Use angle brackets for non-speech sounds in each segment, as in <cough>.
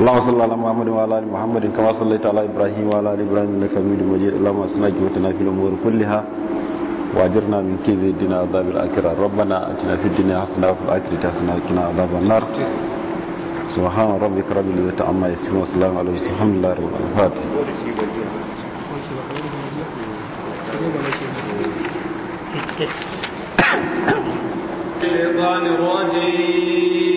اللهم صل على محمد وعلى ال محمد كما صليت على ابراهيم وعلى ال ابراهيم انك حميد مجيد اللهم اصلح جوتنا في الامور كلها واجرنا من كيد الدنيا عذاب الاخره ربنا اتنا في الدنيا حسنه وفي الاخره حسنه وقنا عذاب النار سبحان ربك رب العزه عما يصفون وسلام على المرسلين الحمد لله رب العالمين الشيطان الرجيم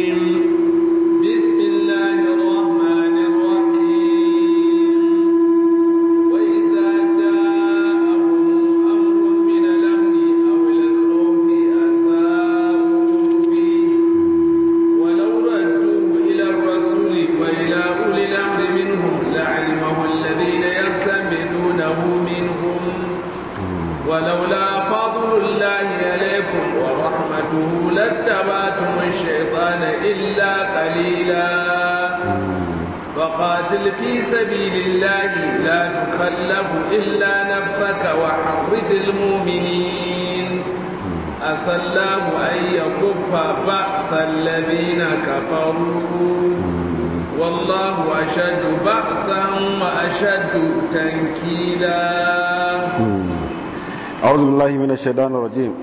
عسى الله أن يكف بأس الذين كفروا والله أشد بأسا وأشد تنكيلا أعوذ بالله من الشيطان الرجيم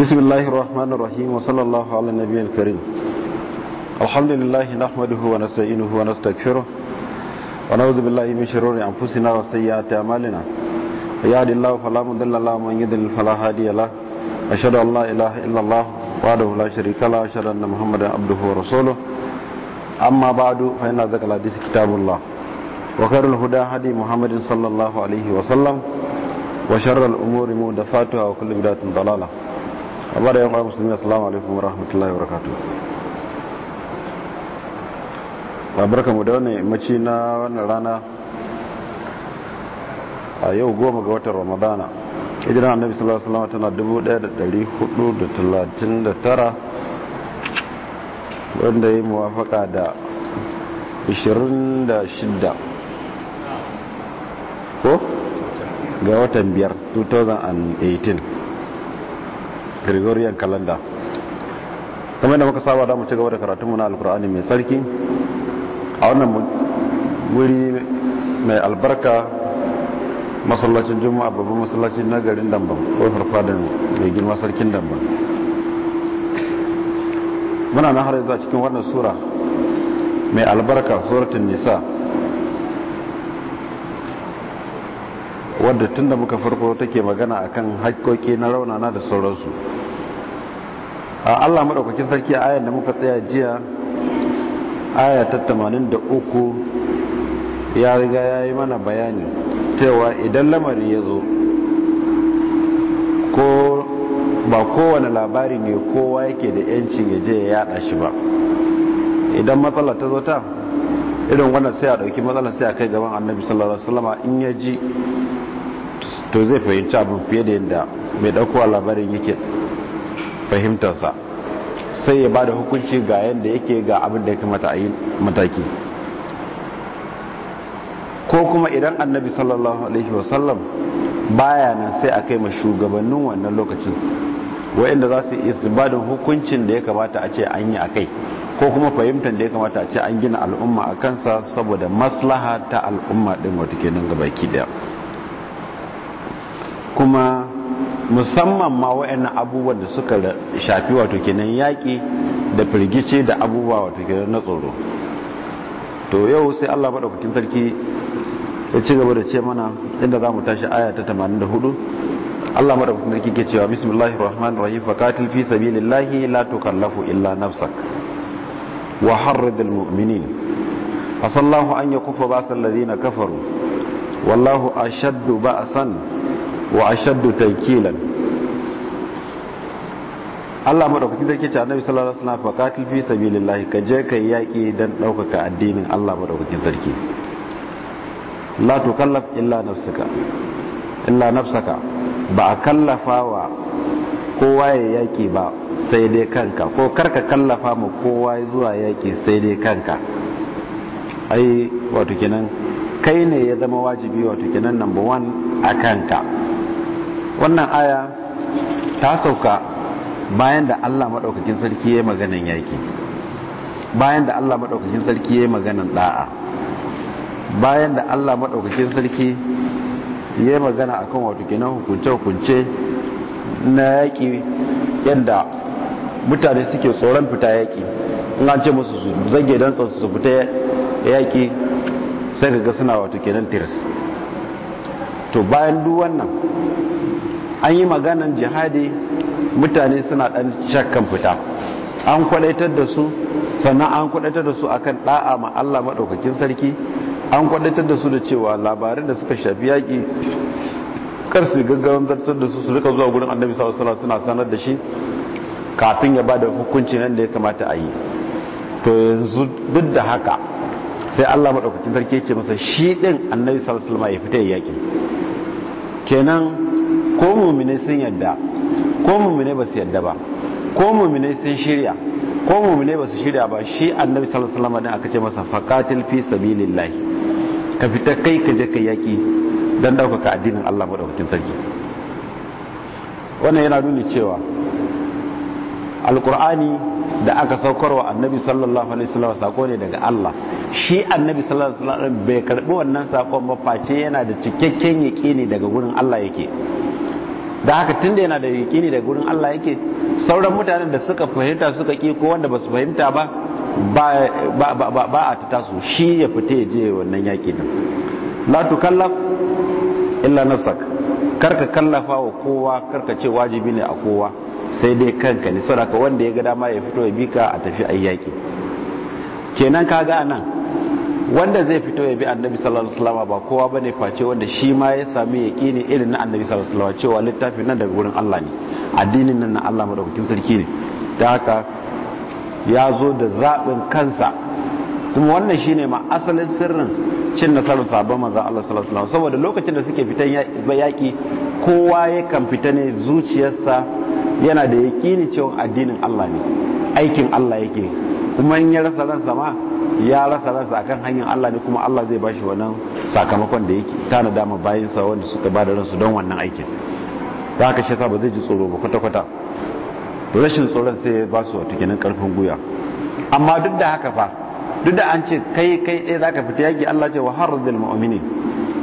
بسم الله الرحمن الرحيم وصلى الله على النبي الكريم الحمد لله نحمده ونستعينه ونستغفره ونعوذ بالله من شرور أنفسنا وسيئات أعمالنا يهد الله فلا مضل له ومن يضلل فلا هادي له أشهد أن لا إله إلا الله وحده لا شريك له أشهد أن محمدا عبده ورسوله أما بعد فإن ذكر الحديث كتاب الله وخير الهدى هدي محمد صلى الله عليه وسلم وشر الأمور محدثاتها وكل بدعة ضلالة أبدا يا المسلمين السلام عليكم ورحمة الله وبركاته barka mu da wannan yammaci na wannan rana a yau goma ga watan ramadana hijira annabi sallallahu alaihi wasallam tana 1439 wanda ya muwafaka da 26 ko ga watan 5 2018 gregorian calendar kamar da muka saba da mu ci gaba da karatunmu na alkur'ani mai tsarki a wannan wuri mai albarka masallacin juma'a babban masallacin na garin damban ko farfadin mai girma sarkin damban muna na har yanzu cikin wannan sura mai albarka suratun nisa wadda tun da muka farko take magana a kan haƙƙoƙi na raunana da sauransu a allah maɗaukakin sarki ayan da muka tsaya jiya aya ta 83 ya riga ya yi mana bayani cewa idan lamarin ya zo ko ba kowane labari ne kowa yake da yancin ya je ya yada shi ba idan matsala ta zo ta irin wannan sai a dauki matsala sai a kai gaban annabi sallallahu alaihi wasallama in ya ji to zai fahimci abin fiye da yadda mai daukowa labarin yake fahimtarsa sai ya ba da hukunci ga yadda yake ga abin da ya kamata a yi mataki ko kuma idan annabi sallallahu alaihi wasallam baya nan sai a kai ma shugabannin wannan lokacin wa'inda za su isbadin hukuncin da ya kamata a ce an yi a kai ko kuma fahimtar da ya kamata a ce an gina al'umma a kansa saboda maslaha ta al'umma din wata ke nan ki kuma musamman ma wa'annan abubuwan da suka shafi wato kenan yaƙi da firgice da abubuwa wato kenan na tsoro to yau sai Allah madaukakin sarki ya ci gaba da ce mana inda za mu tashi aya ta 84 Allah madaukakin sarki ke cewa bismillahir rahmanir rahim faqatil fi sabilillahi la tukallafu illa nafsak wa harridil mu'minin asallahu an yakufa ba'sal ladina kafaru wallahu ashaddu ba'san wa ashaddu taykilan Allah madaukakin sarki ce annabi sallallahu alaihi wasallam faqatil fi sabilillah ka je ka yaki dan daukaka addinin Allah madaukakin sarki la tukallaf illa nafsaka illa nafsaka ba a kallafawa kowa ya yaki ba sai dai kanka ko karka kallafa mu kowa zuwa yaki sai dai kanka ai wato kenan kai ne ya zama wajibi wato kenan number 1 a kanka wannan aya ta sauka bayan da Allah maɗaukakin sarki ya yi maganan yaƙi bayan da Allah maɗaukakin sarki ya yi maganan ɗa'a bayan da Allah maɗaukakin sarki ya yi magana a kan wato kenan hukunce-hukunce na yaƙi yadda mutane suke tsoron fita yaƙi in an ce musu su zage don su fita yaƙi sai ka ga suna wato kenan tiris to bayan duk wannan an yi maganan jihadi mutane suna ɗan shakkan fita an kwadaitar da su sannan an kwadaitar da su akan da'a ma Allah madaukakin sarki an kwadaitar da su da cewa labarin da suka shafi yaki kar su gaggawan zartar da su su rika zuwa gurin annabi sallallahu suna sanar da shi kafin ya bada hukunci nan da ya kamata a yi to yanzu duk da haka sai Allah madaukakin sarki ya ce masa shi din annabi sallallahu alaihi wasallam ya fita yakin kenan ko muminai sun yadda ko muminai ba su yadda ba ko muminai sun shirya ko muminai ba su shirya ba shi annabi sallallahu alaihi wasallam aka ce masa faqatil fi sabilillah ka fita kai ka je kai yaki dan daukaka addinin Allah madaukakin sarki wannan yana nuni cewa alqur'ani da aka saukarwa annabi sallallahu alaihi wasallam sako ne daga Allah shi annabi sallallahu alaihi wasallam bai karbi wannan sakon ba face yana da cikakken yaqini daga gurin Allah yake da haka tun da yana da ne da gurin Allah yake sauran mutanen da suka fahimta suka ƙi ko wanda ba su fahimta ba ba a ta taso shi ya fita ya je wannan yaƙi din la kallaf illa nafsak karka kallafa wa kowa karka ce wajibi ne a kowa sai dai kanka ne saboda wanda ya ga dama ya fito ya bika a tafi ayyaki kenan kaga anan wanda zai fito ya bi annabi sallallahu alaihi wasallam ba kowa bane face wanda shi ma ya sami yaqini irin na annabi sallallahu alaihi wasallam cewa littafin nan daga wurin Allah ne addinin nan na Allah madaukakin sarki ne da haka ya zo da zabin kansa kuma wannan shine ma asalin sirrin cin nasarar sabon maza Allah sallallahu alaihi wasallam saboda lokacin da suke fitan yaki kowa ya kan fita ne zuciyarsa yana da yaqini cewa addinin Allah ne aikin Allah yake kuma in ya rasa ransa ma ya rasa rasa akan hanyar Allah ne kuma Allah zai bashi wannan sakamakon da yake tana dama bayan sa wanda suka ba da ransu don wannan aikin da aka shi ba zai ji tsoro ba kwata kwata rashin tsoron sai ya ba su wata kenan karfin guya amma duk da haka fa duk da an ce kai kai ɗaya zaka fita yaki Allah ce wa harzil mu'mini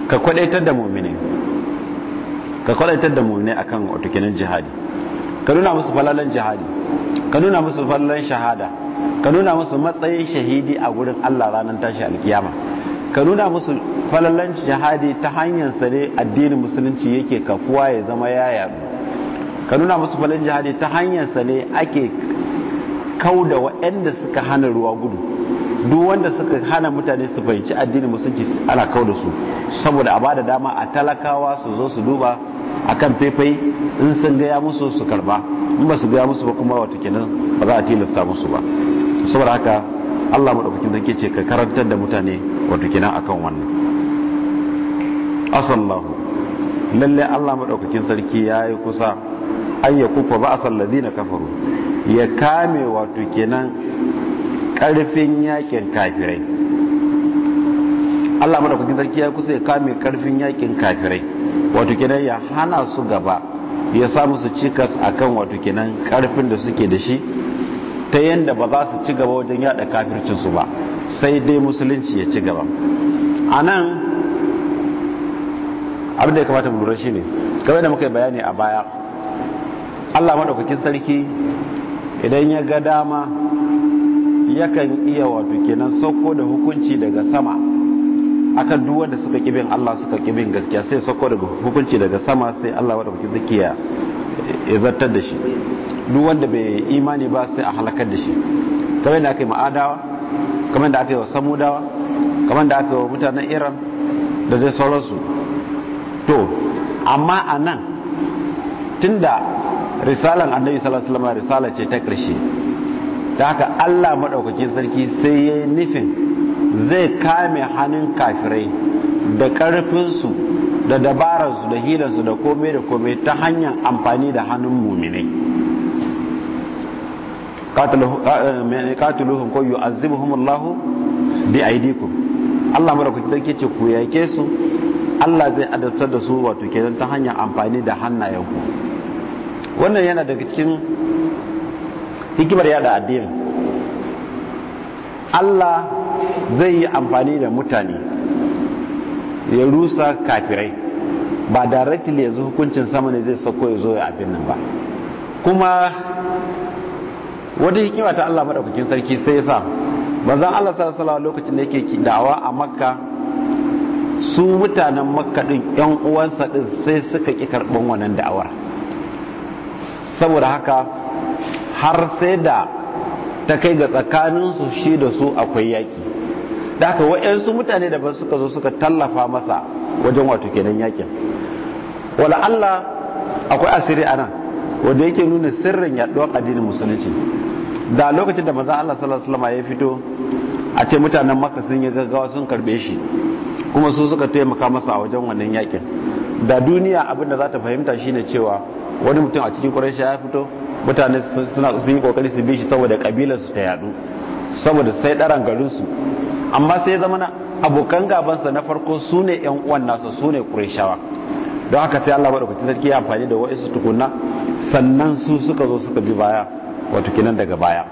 ka kwadaitar da mu'mini ka kwadaitar da mu'mini akan wata kenan jihadi ka nuna musu falalan jihadi ka nuna musu fallon shahada ka nuna musu matsayin shahidi a gurin Allah ranar tashi alkiyama ka nuna musu fallon shahadi ta hanyar sare addinin musulunci yake kafuwa ya zama ya yadu ka nuna musu fallon shahadi ta hanyar sare ne ake da waɗanda suka hana ruwa gudu duk wanda suka hana mutane su fahimci addinin musulunci ana kauda su saboda a ba da dama a talakawa su zo su duba akan faifai in sun gaya musu su karba in ba su gaya musu ba kuma wata kenan ba za a tilasta musu ba saboda haka Allah madaukakin sarki ce ka karantar da mutane wato kenan akan wannan asallahu lalle Allah madaukakin sarki yayi kusa ay yakufa ba'sal ladina kafaru ya kame wato kenan karfin yakin kafirai Allah madaukakin sarki ya kusa ya kame karfin yakin kafirai wato kenan ya hana su gaba ya sa musu cikas akan wato kenan karfin da suke da shi ta yadda ba za su ci gaba wajen yada kafircinsu ba sai dai musulunci ya ci gaba a nan abin da ya kamata lura shi ne kawai da muka yi bayani a baya allah maɗaukakin sarki idan ya ga dama yakan iya wato kenan sauko da hukunci daga sama akan duk wanda suka kibin Allah suka kibin gaskiya sai sako daga hukunci daga sama sai Allah wanda kuke zakiya ya zartar da shi duk wanda bai imani ba sai a halakar da shi kamar da aka yi ma'adawa kamar da aka yi wa samudawa kamar da aka yi wa mutanen iran da dai sauransu to amma a nan da risalan annabi sallallahu alaihi wasallam risala ce ta ƙarshe Ta haka Allah madaukakin sarki sai ya yi nufin zai kame hannun kafirai da ƙarfinsu da dabararsu da hilarsu da komai da komai ta hanyar amfani da hannun muminai qatiluhum ko yu'azzibuhum Allah bi aidikum Allah madaukaki sarki ce ku yake su Allah zai adabtar da su wato kenan ta hanyar amfani da hannayenku wannan yana daga cikin hikimar yada addini Allah zai yi amfani da mutane ya rusa kafirai ba directly yanzu hukuncin sama ne zai sako ya zo ya abin nan ba kuma wata hikima ta Allah madaukakin sarki sai ya sa manzon Allah sallallahu alaihi lokacin da yake dawa a Makka su mutanen Makka din yan uwansa din sai suka ki karban wannan da'awar saboda haka har sai da ta kai ga tsakaninsu shi da su akwai yaki da aka wa'yansu mutane daban suka zo suka tallafa masa wajen wato kenan yakin wala Allah akwai asiri a nan wanda yake nuna sirrin yaduwar addinin musulunci da lokacin da maza Allah sallallahu alaihi ya fito a ce mutanen maka sun yi gaggawa sun karbe shi kuma su suka taimaka masa a wajen wannan yakin da duniya abin da za ta fahimta shine cewa wani mutum a cikin shi ya fito mutane suna sun yi kokari su bi shi saboda kabilar su ta yadu saboda sai ɗaran garin su amma sai zama na abokan gabansa na farko su ne yan uwan nasa su ne ƙurishawa don haka sai allah maɗaukakin sarki ya amfani da wa'isu tukuna. sannan su suka zo suka bi baya wato kinan daga baya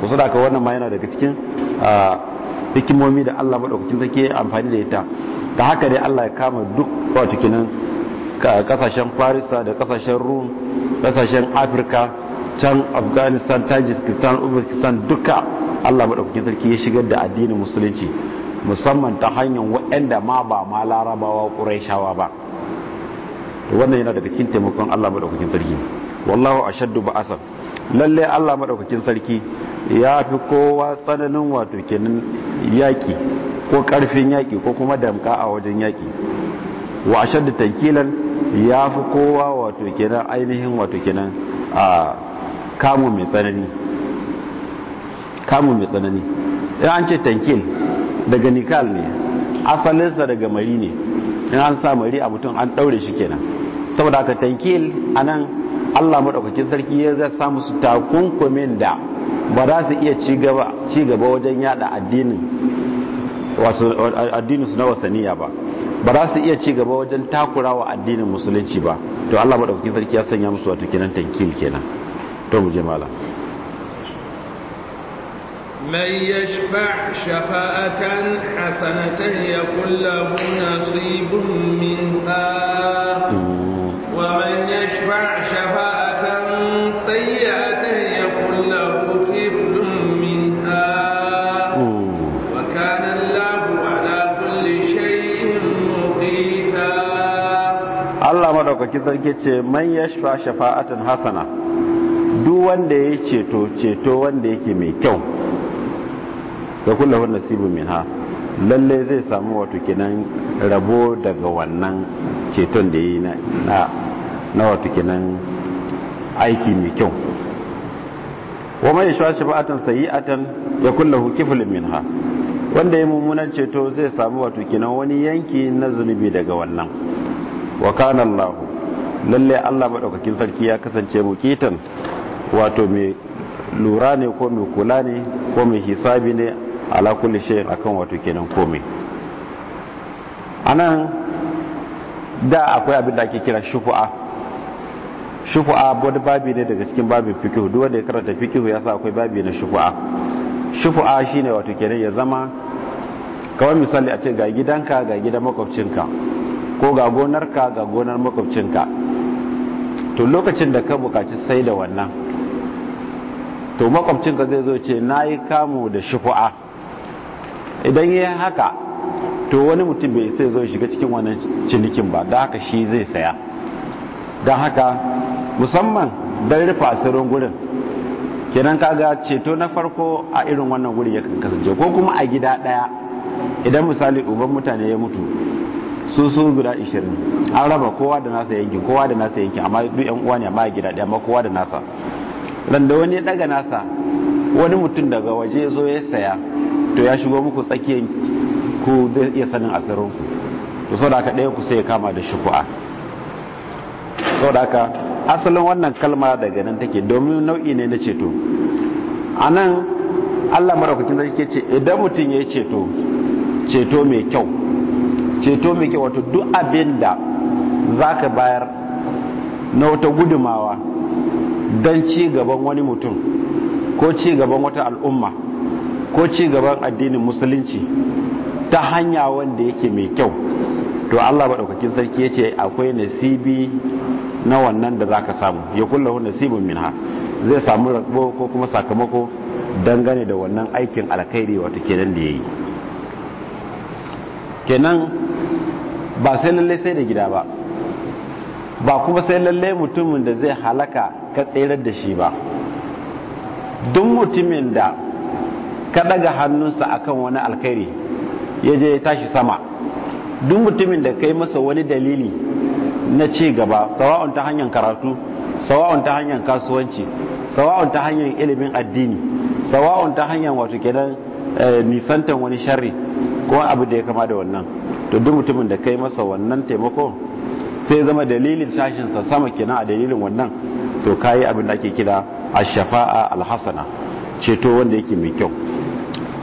to su da wannan ma yana daga cikin ah, hikimomi da allah maɗaukakin sarki ya amfani da ita ta haka dai allah ya kama duk wato kinan kasashen farisa da kasashen rum kasashen afirka can afghanistan tajikistan uzbekistan duka Allah madaukakin sarki ya shigar da addinin musulunci musamman ta hanyar waɗanda ma ba ma larabawa ƙuraishawa ba wannan yana daga cikin taimakon Allah madaukakin sarki wallahu ashaddu ba'asan lalle Allah madaukakin sarki ya fi kowa tsananin wato kenan yaki ko karfin yaki ko kuma damka a wajen yaki wa ashaddu tankilan ya fi kowa wato kenan ainihin wato kenan a kamu mai tsanani kamun mai tsanani in an ce tankil daga nikal ne asalinsa daga mari ne in an sa mari a mutum an ɗaure shi kenan saboda aka tankil a nan allah maɗaukakin sarki ya zai samu su takunkumin da ba za su iya ci gaba wajen yada addinin su na wasaniya ba ba za su iya ci gaba wajen wa addinin musulunci ba to Allah maɗaukakin sarki ya sanya musu wato kenan tankil kenan to mu je malam من يشفع شفاءة حسنة يقول له نصيب منها ومن يشفع شفاءة سيئة يقول له كفل منها وكان الله على كل شيء مقيتا الله مدوكك ذلك من يشفع شفاءة حسنة duk wanda ya ceto ceto wanda yake mai kyau ya kulla wani nasibu min ha lalle zai samu wato kinan rabo daga wannan ceton da ya yi na wato kinan aiki mai kyau wa mai shawar a sayi'atan ya kulla hukifulin min ha wanda ya mummunan ceto zai samu wato kinan wani yanki na zunubi daga wannan wa kana Allah lalle Allah madaukakin sarki ya kasance mukitan wato mai lura ne ko mai kula ne ko mai hisabi ne ala kulli shay'in akan wato kenan komai anan da akwai abin da ake kira shufu'a shufu'a wani babi ne daga cikin babin fikihu duk wanda ya karanta fikihu ya sa akwai babi na shufu'a shufu'a shine wato kenan ya zama kawai misali a ce ga gidanka ga gidan makwabcinka ko ga gonarka ga gonar makwabcinka to lokacin da ka bukaci sai da wannan to makwabcinka zai zo ce na yi kamu da shufu'a idan yi haka to wani mutum bai sai zo shiga cikin wannan cinikin ba da haka shi zai saya don haka musamman don rufe asirin gurin kenan kaga ceto na farko a irin wannan guri ya kasance ko kuma a gida daya idan misali uban mutane ya mutu su su guda 20 an raba kowa da nasa yankin kowa da nasa yankin amma duk yan uwa ne amma a gida daya amma kowa da nasa randa wani ya daga nasa wani mutum daga waje zo ya saya to ya shigo muku tsakiyar ku zai iya sanin asirin ku to sau da aka ɗaya ku sai ya kama da shuku'a sau da aka asalin wannan kalma daga nan take domin nau'i ne na ceto a nan allah zai ke ce idan mutum ya yi ceto ceto mai kyau ceto mai kyau wato duk abin da za ka bayar na wata gudumawa don ci gaban wani mutum ko ci gaban wata al'umma ko ci gaban addinin musulunci ta hanya wanda yake mai kyau to Allah maɗaukakin sarki ya ce akwai nasibi na wannan da za samu ya kullahu nasibin minha zai samu rabo ko kuma sakamako dangane da wannan aikin alkhairi wato kenan da ya kenan ba sai lalle sai da gida ba ba kuma sai lalle mutumin da zai halaka ka tserar da shi ba duk mutumin da ka daga hannunsa akan wani alkhairi ya je ya tashi sama duk mutumin da kai masa wani dalili na ci gaba sawa'un ta hanyar karatu sawa'un ta hanyar kasuwanci sawa'un ta hanyar ilimin addini sawa'un ta hanyar wato kenan eh, nisantan wani sharri ko abu da ya kama da wannan to duk mutumin da kai masa wannan taimako sai zama dalilin tashinsa sama kenan a dalilin wannan to kayi abin da ake kira a shafa'a alhassana ceto wanda yake mai kyau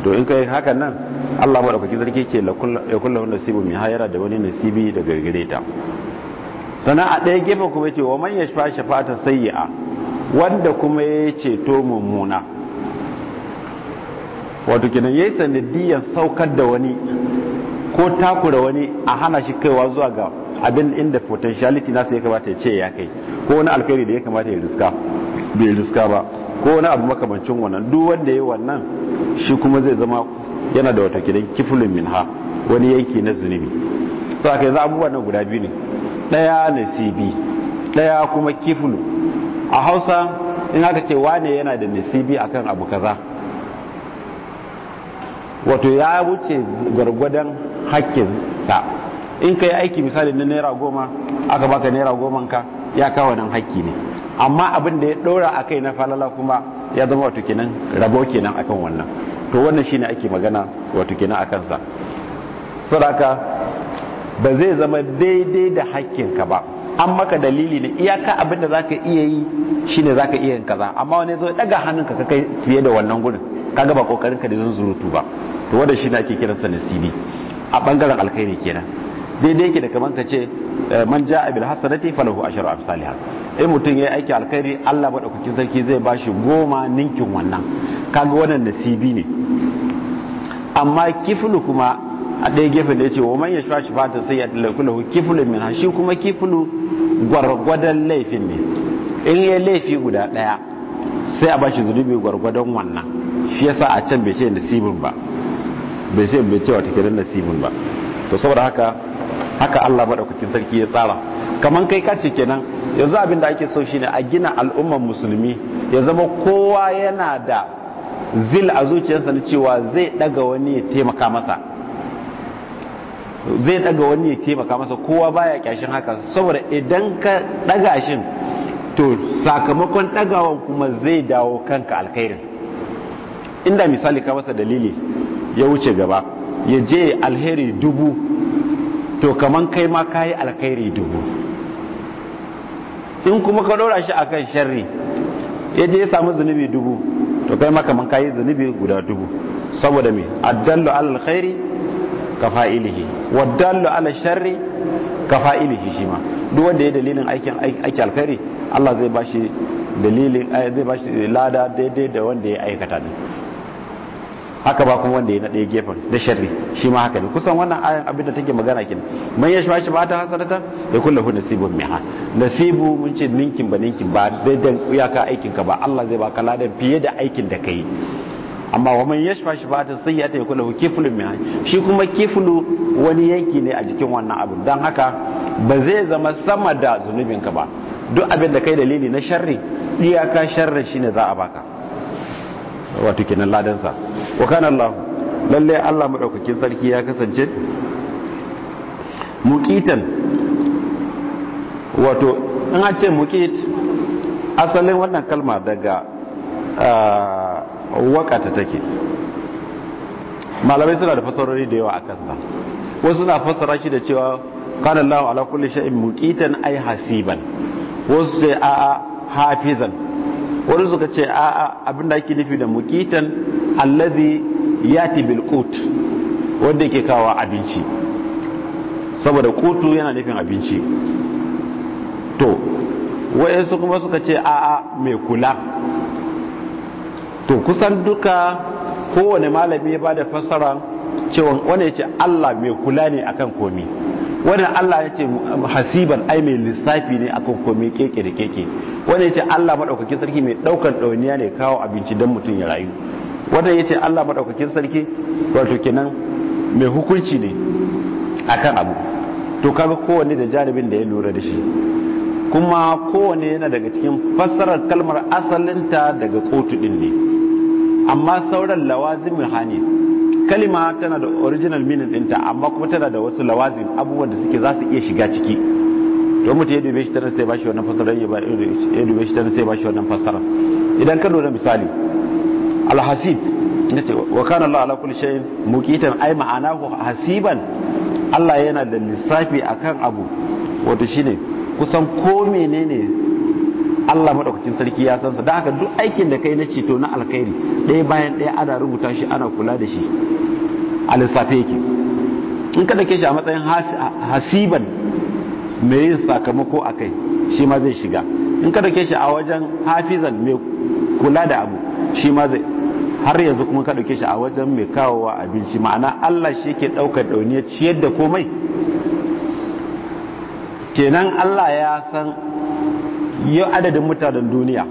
to in kai hakan nan Allah madaukakin zarki ke ya kullu nasibu mai hayara da wani nasibi daga gargare ta sannan a ɗaya gefen kuma ce wa manya shafa ta shafa'atan a, wanda kuma ya ceto mummuna wato kenan yayi sanadiyyar saukar da wani ko takura wani a hana shi kaiwa zuwa ga abin inda potentiality nasa ya kamata ya ce ya kai ko wani alkhairi da ya kamata ya riska bai riska ba ko wani abu makamancin wannan duk wanda ya yi wannan shi kuma zai zama yana da wata kidan kifulun minha wani yanki na zunubi to aka yanzu abubuwa na guda biyu ne daya nasibi ɗaya kuma kifulu a hausa in aka ce wane yana da nasibi akan abu kaza wato ya wuce gwargwadon sa in ka yi aiki misali na naira goma aka baka naira goman ka ya kawo nan hakki ne amma abin da ya dora a kai na falala kuma ya zama wato kenan rabo kenan akan wannan to wannan shine ake magana wato kenan akan sa saboda ba zai zama daidai da hakkin ka ba an maka dalili ne iyaka abin da zaka iya yi shine zaka iya yin kaza amma wani zo daga hannunka ka kai fiye da wannan gudun kaga ba kokarin ka da zunzurutu ba to wanda shine ake kiransa nasibi a bangaren alkhairi kenan daidai yake da kaman ka ce eh, man ja'a bil hasanati falahu asharu amsalihah in mutum ya yi aiki alkhairi Allah madaukakin sarki zai ba shi goma ninkin wannan kaga wannan nasibi ne amma kifulu kuma a ɗaya gefe da ya ce wa manya ya shuwa shi fata sai ya talaku lahu kifulu min shi kuma kifulu gwargwadon laifin ne in ya laifi guda ɗaya sai a bashi zunubi gwargwadon wannan shi yasa a can bai ce nasibin ba bai ce bai ce wata kiran nasibin ba to saboda haka haka Allah madaukakin sarki ya tsara kamar kai kace kenan yanzu abin da ake so shi ne a gina al'umman musulmi ya zama kowa yana da zil a zuciyarsa na cewa zai daga wani ya taimaka masa zai daga wani ya taimaka masa kowa baya kyashin haka saboda idan ka daga shin to sakamakon dagawan kuma zai dawo kanka alkhairin inda misali ka masa dalili ya wuce gaba ya je alheri dubu to kaman kai ma kayi alkhairi dubu in kuma ka dora shi akan sharri ya je ya samu zunubi dubu to kai maka man kayi zunubi guda dubu saboda me addallu ala alkhairi ka fa'ilihi waddallu ala sharri ka fa'ilihi shi ma duk wanda ya dalilin aikin aiki alkhairi Allah zai bashi dalilin eh, zai bashi lada daidai da wanda ya aikata din haka ba kuma wanda ya na ɗaya gefen da sharri shi ma haka ne kusan wannan ayan abin da take magana kin man ya shi ba ta hasarata ya kulla hu nasibun miha nasibu mun ce ninkin ba ninkin ba daidan iyaka aikin ka ba Allah zai baka ladan fiye da aikin da kai amma wa man ba ta sayyata yakulu hu kiflu miha shi kuma kiflu wani yanki ne a jikin wannan abin dan haka ba zai zama sama da zunubin ka ba duk abin da kai dalili na sharri iyaka sharri shine za a baka wato kenan ladan sa wa kana Allah lalle Allah madaukakin sarki ya kasance muqitan wato in a ce muqit asalin wannan kalma daga wakata take malamai suna da fasarori da yawa a kansa wasu suna fasara shi da cewa kana Allah ala kulli shay'in muqitan ay hasiban wasu sai a hafizan wani suka ce a abin da ake nufi da mukitan allazi yati bil kut wanda yake kawo abinci saboda kutu yana nufin abinci to wayansu kuma suka ce a a mai kula to kusan duka kowane malami ya bada fassara cewa wani ya ce Allah mai kula ne akan komi wannan Allah ya ce hasiban ai mai lissafi ne a komai keke da keke wannan ya ce Allah maɗaukakin sarki mai ɗaukar ɗauniya ne kawo abinci don mutum ya rayu wannan ya ce Allah maɗaukakin sarki wato kenan mai hukunci ne a kan abu to kaga kowanne da janibin da ya lura da shi kuma kowanne yana daga cikin fassarar kalmar asalinta daga kotu ɗin ne amma sauran lawazimin hani kalima tana da original meaning dinta amma kuma tana da wasu lawazim abubuwan da suke za su iya shiga ciki don mutum ya dube shi tana sai bashi wannan fasara ya dube shi tana sai bashi wannan fasara idan ka lura misali alhasib nace wa kana Allah ala kulli shay'in muqitan ai ma'anahu hasiban Allah yana da lissafi akan abu wato shine kusan ko menene Allah madaukakin sarki ya san sa da haka duk aikin da kai na ceto na alkhairi ɗaya bayan ɗaya ana rubuta shi ana kula da shi a lissafi yake in kada ke shi a matsayin hasiban mai yin sakamako a kai shi ma zai shiga in kada ke shi a wajen hafizan mai kula da abu shi ma zai har yanzu kuma ka ke shi a wajen mai kawowa abinci ma'ana Allah shi ke daukar dauniya ciyar da komai kenan Allah ya san yau adadin mutanen duniya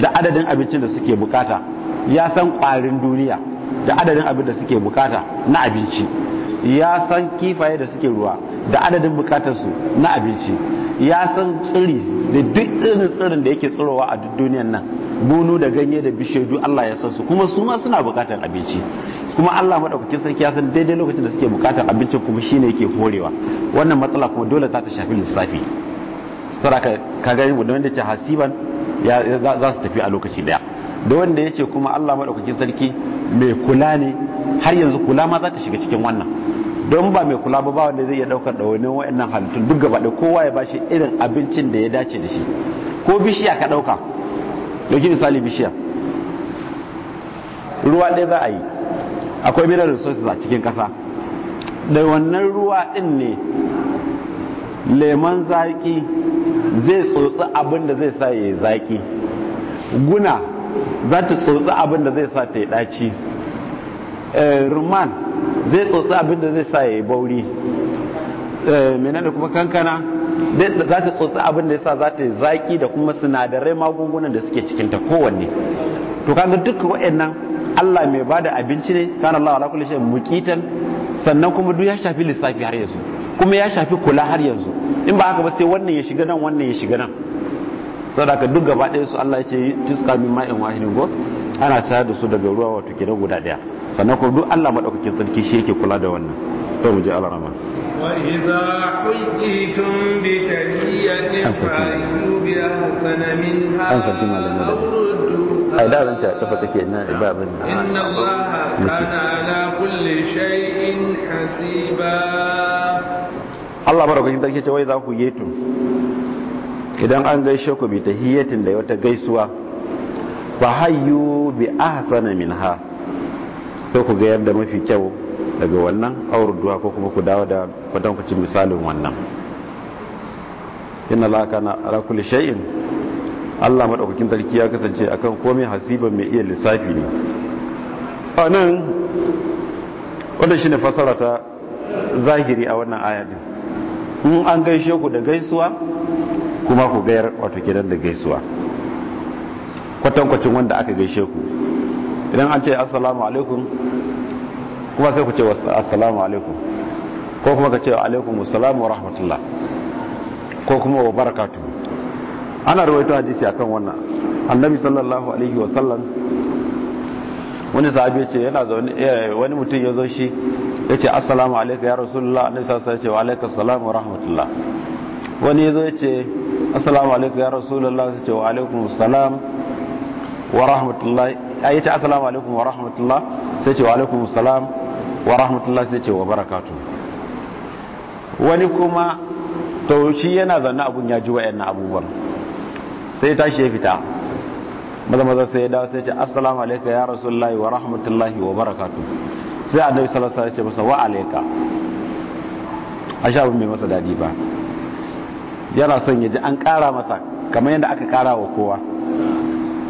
da adadin abincin da suke bukata ya san kwarin duniya da adadin abin da suke bukata na abinci ya san kifaye da suke ruwa da adadin bukatarsu na abinci ya san tsiri da duk irin tsirin da yake tsirowa a duk duniyan nan bunu da ganye da bishedu Allah ya san su kuma su ma suna bukatar abinci kuma Allah madaukakin sarki ya san daidai lokacin da suke bukatar abincin kuma shine yake horewa wannan matsala kuma dole ta ta shafi lissafi saboda ka ga wanda yake hasiban za su tafi a lokaci daya da wanda ya ce kuma Allah maɗaukakin sarki mai kula ne har yanzu kula ma za ta shiga cikin wannan don ba mai kula ba ba wanda zai iya ɗaukar wani wa'annan halittun duk gaba da kowa ya bashi irin abincin da ya dace da shi ko bishiya ka ɗauka ɗauki misali bishiya ruwa ɗaya za a yi akwai mineral resources a cikin ƙasa da wannan ruwa ɗin ne lemon zaƙi zai tsotsi abin da zai sa ya yi zaƙi guna za ta tsotsi abin zai sa ta yi ɗaci eh, Ruman zai tsotsi abin zai sa ya yi bauri da eh, kuma kankana za ta tsotsi abin da ya sa za ta yi zaƙi da kuma sinadarai magungunan da suke cikinta kowanne to kaga duk wa'annan Allah mai ba da abinci ne kana Allah ala sannan kuma duk ya shafi lissafi har yanzu kuma ya shafi kula har yanzu in ba haka ba sai wannan ya shiga nan wannan ya shiga nan saboda duk gaba ɗaya su Allah ce tuska min ma'in wahidin go ana sayar da su daga ruwa wato kenan guda ɗaya sannan kuma duk Allah maɗaukakin sarki shi yake kula da wannan to mu je Allah rahman zan Allah kana idan an gaishe ku bi hiyatin da wata gaisuwa ba hayyu bi ahsana minha sai ku ga yadda mafi kyau daga wannan auruduwa ko kuma ku dawo da ci misalin wannan inna la kana ala kulli shay'in Allah madaukakin sarki ya kasance akan komai hasiban mai iya lissafi ne anan wannan shine fasara ta zahiri a wannan aya din in an gaishe ku da gaisuwa kuma ku gayar wato gidan da gaisuwa kwatankwacin wanda aka gaishe ku idan an ce assalamu alaikum kuma sai ku ce assalamu alaikum ko kuma ka ce alaikum assalamu wa rahmatullah ko kuma wa barakatu ana rawaito a jisi akan wannan annabi sallallahu alaihi wa sallam wani sahabi ce yana zaune wani mutum ya zo shi ya ce assalamu alaikum ya rasulullah annabi sallallahu alaihi wa sallam wa alaikum assalamu wa rahmatullah wani ya zo ya ce assalamu alaikum ya rasulullah sai ce wa alaikum assalam wa rahmatullah ayi ta assalamu alaikum wa rahmatullah sai ce wa alaikum assalam wa rahmatullah sai ce wa barakatu wani kuma to shi yana zanna abun ya ji wayannan abubuwan sai ta shi fita maza maza sai ya dawo sai ce assalamu alaikum ya rasulullah wa rahmatullah wa barakatu sai annabi sallallahu alaihi wasallam ya ce masa wa alaika asha abun bai masa dadi ba yana son ya ji an kara masa kamar yadda aka ƙara wa kowa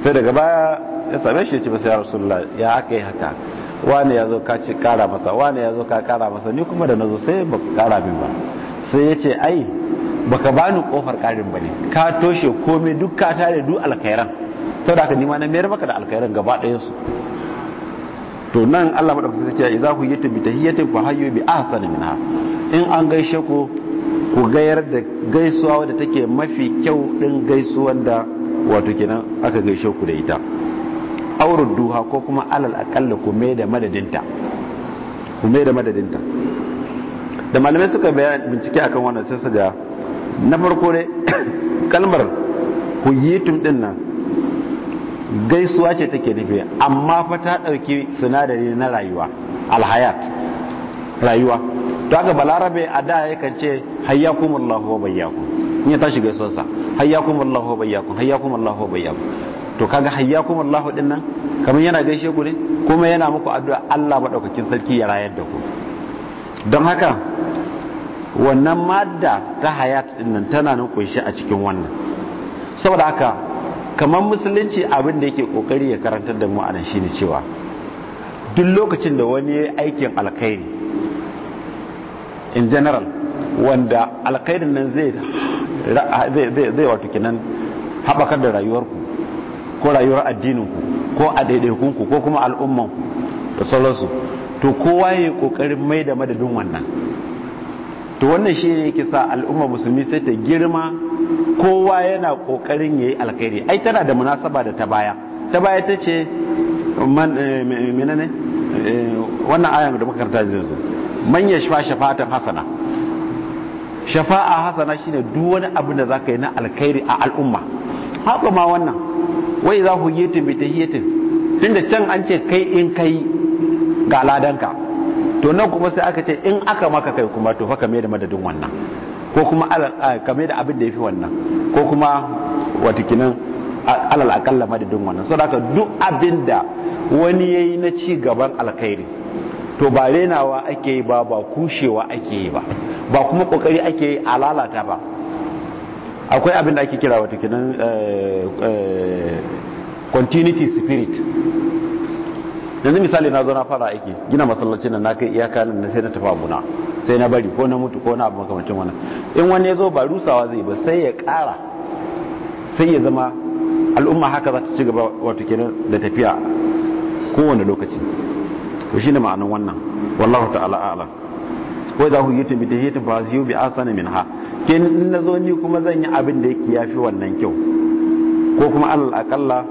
sai daga baya ya same shi ya ce masa ya rasulullah ya aka yi haka wani ya zo ka ci ƙara masa wani ya zo ka ƙara masa ni kuma da na zo sai ba ƙara min ba sai ya ce ai ka bani kofar karin ba ne ka toshe komai duk ka tare duk alkhairan da haka nima na mayar maka da alkhairan gaba ɗaya su to nan Allah madaukaki sai ya idza huyitu bi tahiyatin fa hayyu bi ahsani minha in an gaishe ko. ku gayar da gaisuwa wadda take mafi kyau ɗin gaisuwan da wato kenan aka gaishe ku da ita aurud duha ko kuma alal akalla ku mai da madadinta ku mai da madadinta da malamai suka bayan bincike akan wannan sai su ga na farko ne <coughs> kalmar huyitum din nan gaisuwa ce take nufi amma fa ta dauki sinadari na rayuwa alhayat rayuwa to haka balarabe a da ya yakan ce Allahu wa bayyakum in ya tashi gaisuwar sa Allahu wa bayyakum Allahu wa bayyakum to kaga Allahu din nan kamar yana gaishe ku ne kuma yana muku addu'a Allah daukakin sarki ya rayar da ku don haka wannan madda ta hayat din nan tana nan kunshi a cikin wannan saboda haka kamar musulunci abin da yake kokari ya karantar da mu nan shine cewa duk lokacin da wani ya aikin alkhairi in general wanda alkhairin nan zai zai wato kenan haɓakar da rayuwarku ko rayuwar addininku ko a ku ko kuma al'ummanku da sauransu to kowa ya yi ƙoƙarin mai da madadin wannan to wannan shi ne yake sa al'umma musulmi sai ta girma kowa yana ƙoƙarin ya yi alkhairi ai tana da munasaba da ta baya ta baya ta ce eh, menene eh, wannan ayan da muka karanta zai zo man ya shafa shafatan hasana shafa'a hasana shine duk wani abu da zaka yi na alkhairi a al'umma haka ma wannan wai za ku yi bi tahiyatin tunda can an ce kai in kai ga ladanka to nan kuma sai aka ce in aka maka kai kuma to fa mai da madadin wannan ko kuma kame da abin da yafi wannan ko kuma watakinan alal akalla madadin wannan saboda duk abin da wani yayi na ci gaban alkhairi to ba renawa ake yi ba ba kushewa ake yi ba ba kuma kokari ake yi a lalata ba akwai abin da ake kira wata kinan eh, eh, continuity spirit yanzu misali na zo na fara aiki gina masallacin na kai iyaka nan na sai na tafi abuna sai na bari ko na mutu ko na abu makamacin wannan in wani ya zo ba rusawa zai ba sai ya kara sai ya zama al'umma haka za ta ci gaba wata kinan da tafiya kowane lokaci to shine ma'anin wannan wallahu ta'ala ala ko za ku yi bi tahiyatin fa ziyu bi asana minha kin in nazo ni kuma zan yi abin da yake yafi wannan kyau ko kuma alal akalla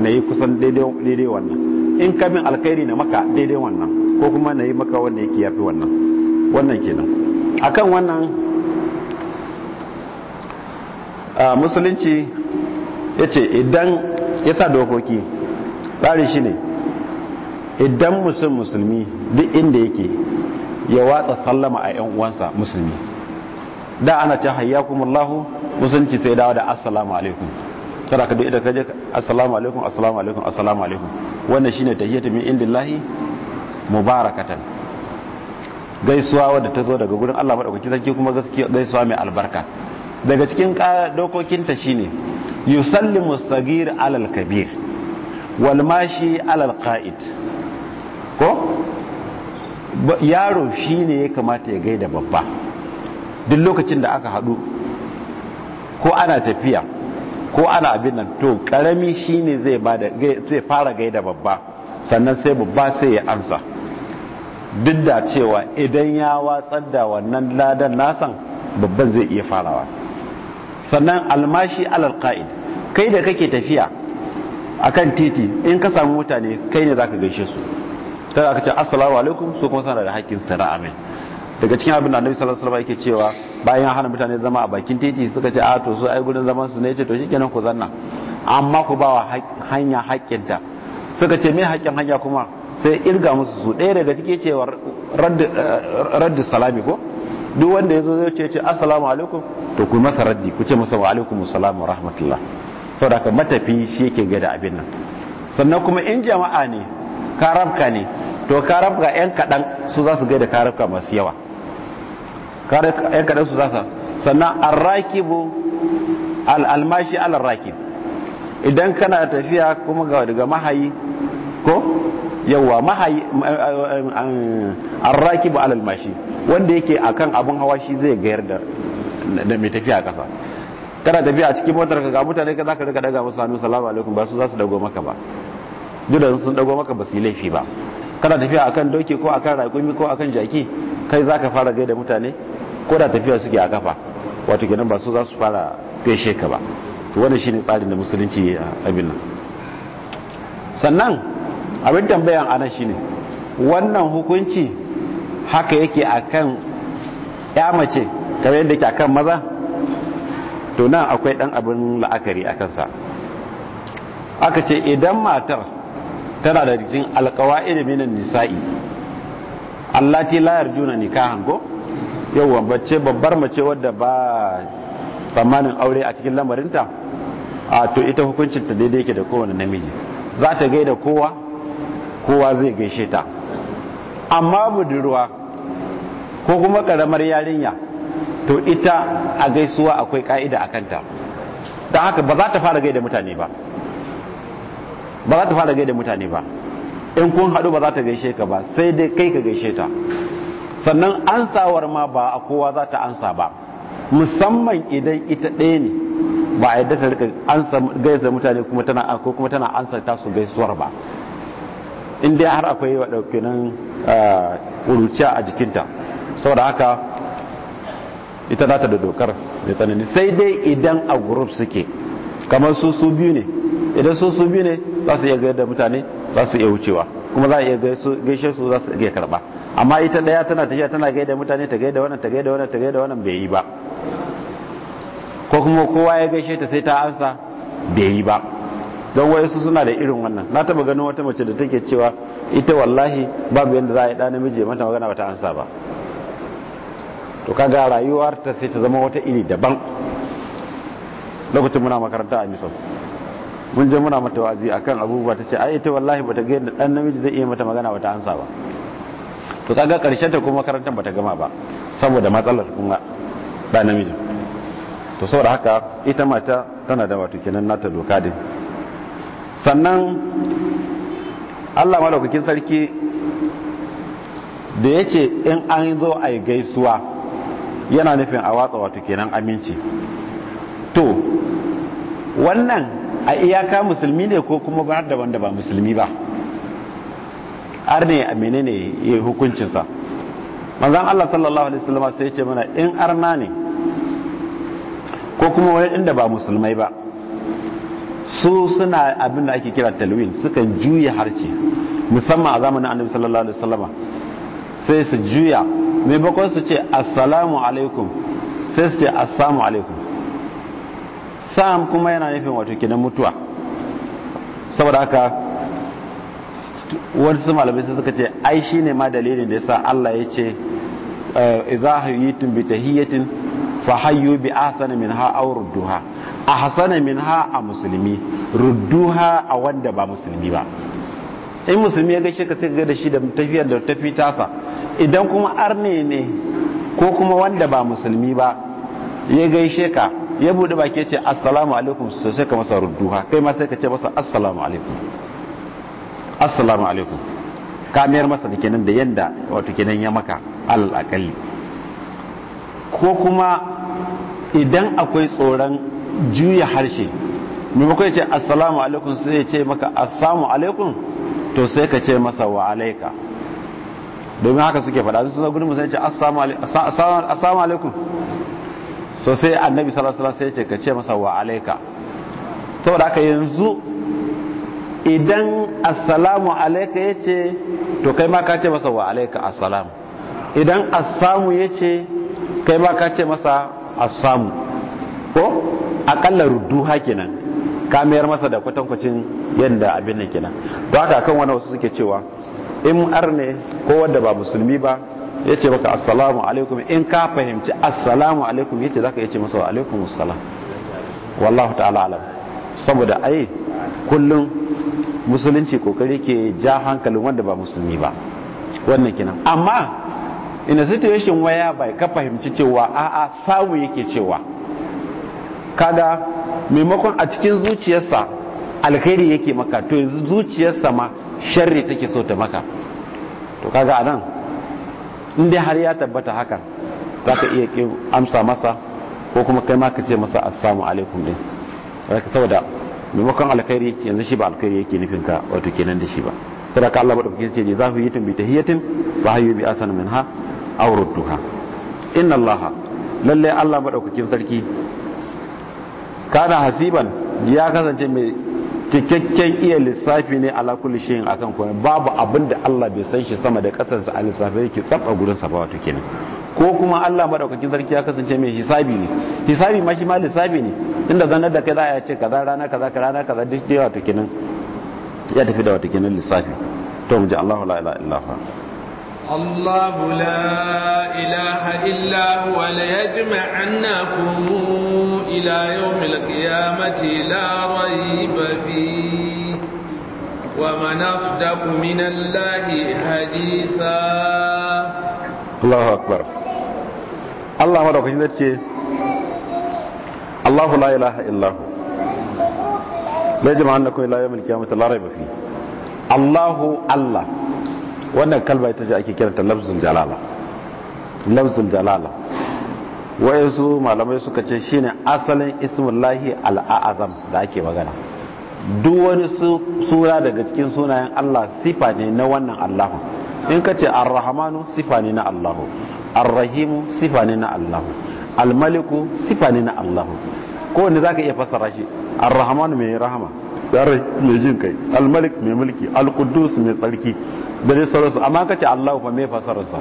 na yi kusan daidai wannan in kamin alkhairi na maka daidai wannan ko kuma na yi maka wanda yake yafi wannan wannan kenan akan wannan musulunci ya ce idan ya sa dokoki tsari shi ne idan mutum musulmi duk inda yake ya watsa sallama a yan uwansa musulmi da ana ce hayyakumullahu musulunci sai dawo da assalamu alaikum tara ka da kaje assalamu alaikum assalamu alaikum assalamu alaikum wannan shine tahiyatu min indillahi mubarakatan gaisuwa wadda ta zo daga gurin Allah madaukaki sarki kuma gaskiya gaisuwa mai albarka daga cikin dokokin ta shine yusallimu sagir alal kabir wal mashi alal qa'id ko yaro shi ne ya kamata ya gaida babba duk lokacin da aka haɗu ko ana tafiya ko ana abin nan to karami shi ne zai fara gaida babba sannan sai babba sai ya ansa duk da cewa idan ya watsar da wannan ladan nasan babban zai iya farawa sannan almashi alal kai da kake tafiya akan titi in ka samu mutane kai ne za ka gaishe su da aka ce assalamu alaikum su kuma sana da haƙƙin su amin daga cikin abin da annabi sallallahu alaihi wasallam yake cewa bayan ya hana mutane zama a bakin titi suka ce a to su ai gurin zaman su ne ce to shikenan ku zanna amma ku ba wa hanya haƙƙinta suka ce me haƙƙin hanya kuma sai irga musu su ɗaya daga cikin cewa raddi salami ko duk wanda ya zo zai ce ce assalamu alaikum to ku masa raddi ku ce masa wa alaikum assalam wa rahmatullah saboda ka matafi shi yake gaida abin nan sannan kuma in jama'a ne karabka ne to karabka yan kadan su za su gaida karabka masu yawa yan kadan su za su sannan arrakibu al al'arrakib idan kana tafiya kuma ga daga mahayi ko yawa mahayi eh, eh, eh, arrakibu almashi wanda yake akan abun hawa shi zai gayar da da mai tafiya a ƙasa kana tafiya a cikin motar ka ga mutane ka zaka rika daga musu hannu salamu alaikum ba su za su dago maka ba duk da sun dago maka ba su yi laifi ba kana tafiya akan doki ko akan raƙumi ko akan jaki kai zaka fara gaida mutane ko da tafiya suke a kafa wato kenan ba su za su fara gaishe ka ba to wannan shine tsarin da musulunci a abin nan sannan abin tambayan anan shine wannan hukunci haka yake akan ya mace kamar yadda yake akan maza to nan akwai dan abin la'akari a kansa aka ce idan matar tana da cikin alqawaid minan nisa'i Allah ce la yarjuna nikahan go Yau bace babbar mace wadda ba tsammanin aure a cikin lamarinta a to ita hukuncinta daidai yake da kowane namiji za ta gaida kowa kowa zai gaishe ta amma budurwa ko kuma karamar yarinya to ita a gaisuwa akwai ka'ida a kanta don haka ba za ta fara gaida mutane ba ba za ta fara gaida mutane ba in kun haɗu ba za ta gaishe ka ba sai dai kai ka gaishe ta sannan ansawar ma ba a kowa za ta ansa ba musamman idan ita ɗaya ne ba a yadda ta rika ansa gaisa mutane kuma tana ko kuma tana ansa ta su gaisuwar ba in dai har akwai wa nan ƙuruciya a jikinta saboda haka ita za ta da dokar da tsanani sai dai idan a guruf suke kamar su su biyu ne idan su su biyu ne za su iya gayar da mutane za su iya wucewa kuma za a iya gaishe su za su iya karba amma ita daya tana tafiya tana da mutane ta da wannan ta da wannan ta da wannan bai yi ba ko kuma kowa ya gaishe ta sai ta ansa bai yi ba don su suna da irin wannan na taba ganin wata mace da take cewa ita wallahi babu yanda za a yi ɗa namiji mata magana ta ansa ba to kaga rayuwar ta sai ta zama wata iri daban lokacin muna makaranta a misal mun je muna mata wa'azi akan abubuwa tace ai ita wallahi bata ga yadda dan namiji zai iya mata magana bata ansa ba to kaga karshen ta kuma karantan bata gama ba saboda matsalar kuma dan namiji to saboda haka ita mata tana da wato kenan nata doka din sannan Allah malaukakin sarki da yace in an zo ai gaisuwa yana nufin a watsa wato kenan aminci to wannan a iyaka musulmi ne ko kuma ba da wanda ba musulmi ba arne a menene ya yi hukuncinsa manzan Allah sallallahu alaihi wasallama sai ya ce mana in arna ne ko kuma wani inda ba musulmai ba su suna abin da ake kira talwin sukan juya harci? musamman a zamanin annabi sallallahu alaihi wasallama sai su juya maimakon su ce assalamu alaikum sai su ce assalamu alaikum sa'am kuma yana nufin wato kenan mutuwa saboda haka wasu malamai sun suka ce ai shine ma dalilin da yasa Allah ya ce eh, idza hayyitum bi hiyatin fa hayyu bi ahsana minha aw rudduha ahsana minha a musulmi rudduha a wanda ba musulmi ba in musulmi ya gaishe ka sai ga da shi da tafiyar da tafi tasa idan kuma arne ne ko kuma wanda ba musulmi ba ya gaishe ka ya bude baki ce assalamu alaikum sosai ka masa rudduha kai ma sai ka ce masa assalamu alaikum assalamu alaikum ka mayar masa da kenan da yanda wato kenan ya maka alal ko kuma idan akwai tsoron juya harshe maimakon ya ce assalamu alaikum sai ya ce maka assalamu alaikum to sai ka ce masa wa alaika domin haka suke faɗa sun zo sai ya ce assalamu alaikum to sai annabi sallallahu alaihi wasallam sai ya ce ka ce masa wa alaika da aka yanzu idan assalamu alaika ya ce to kai ma ka ce masa wa alaika assalam idan assamu ya ce kai ma ka ce masa assamu ko akalla rudduha kenan ka mayar masa da kwatankwacin yadda abin nan kenan to haka kan wani wasu suke cewa in arne ko wanda ba musulmi ba ya ce maka assalamu alaikum in ka fahimci assalamu alaikum ya ce za ka yace masa alaikum assalam wallahu ta'ala alam saboda ai kullum musulunci kokari ke ja hankali wanda ba musulmi ba wannan kinan amma in situation waya bai ka fahimci cewa a'a samu yake cewa kaga maimakon a cikin zuciyarsa alkhairi yake maka to yanzu zuciyarsa ma sharri take so ta maka to kaga anan in dai har ya tabbata hakan za ka iya amsa masa ko kuma kai ma ka ce masa assamu alaikum din saboda maimakon alkhairi yanzu shi ba alkhairi yake nufin ka wato kenan da shi ba sadaka Allah madaukakin ce za ku yi tun bi tahiyatin wa hayyu bi asan minha aw rudduha inna Allah lalle Allah madaukakin sarki kana hasiban ya kasance mai cikakken iya lissafi ne ala kulli shay'in akan kuma babu abin da Allah bai san shi sama da kasar sa a lissafi yake tsaf a gurin safa wato kenan ko kuma Allah madaukakin sarki ya kasance mai hisabi ne hisabi ma shi ma lissafi ne inda zanar da kai za a ce kaza rana kaza ka rana kaza duk da wato kenan ya tafi da wato kenan lissafi to mu ji Allahu la ilaha illa huwa الله لا إله إلا إلى يوم القيامة لا ريب فيه ومن أصدق من الله حديثا الله أكبر الله أكبر الله لا إله إلا هو zai jama annakun ila yawon kiyamata larai bafi allahu allah wannan kalma ita ce ake kiranta lafzul jalala lafzul jalala wayansu malamai suka ce shine asalin ismullahi al'azam da ake magana duk wani sura daga cikin sunayen Allah sifa ne na wannan Allahu in ka ce ar sifa ne na Allahu ar-rahimu sifa ne na Allahu al-maliku sifa ne na Allahu ko za zaka iya fassara shi ar rahamanu mai rahama mai jin kai al mai mulki al mai tsarki da dai sauransu amma ka ce Allah fa mai fassararsa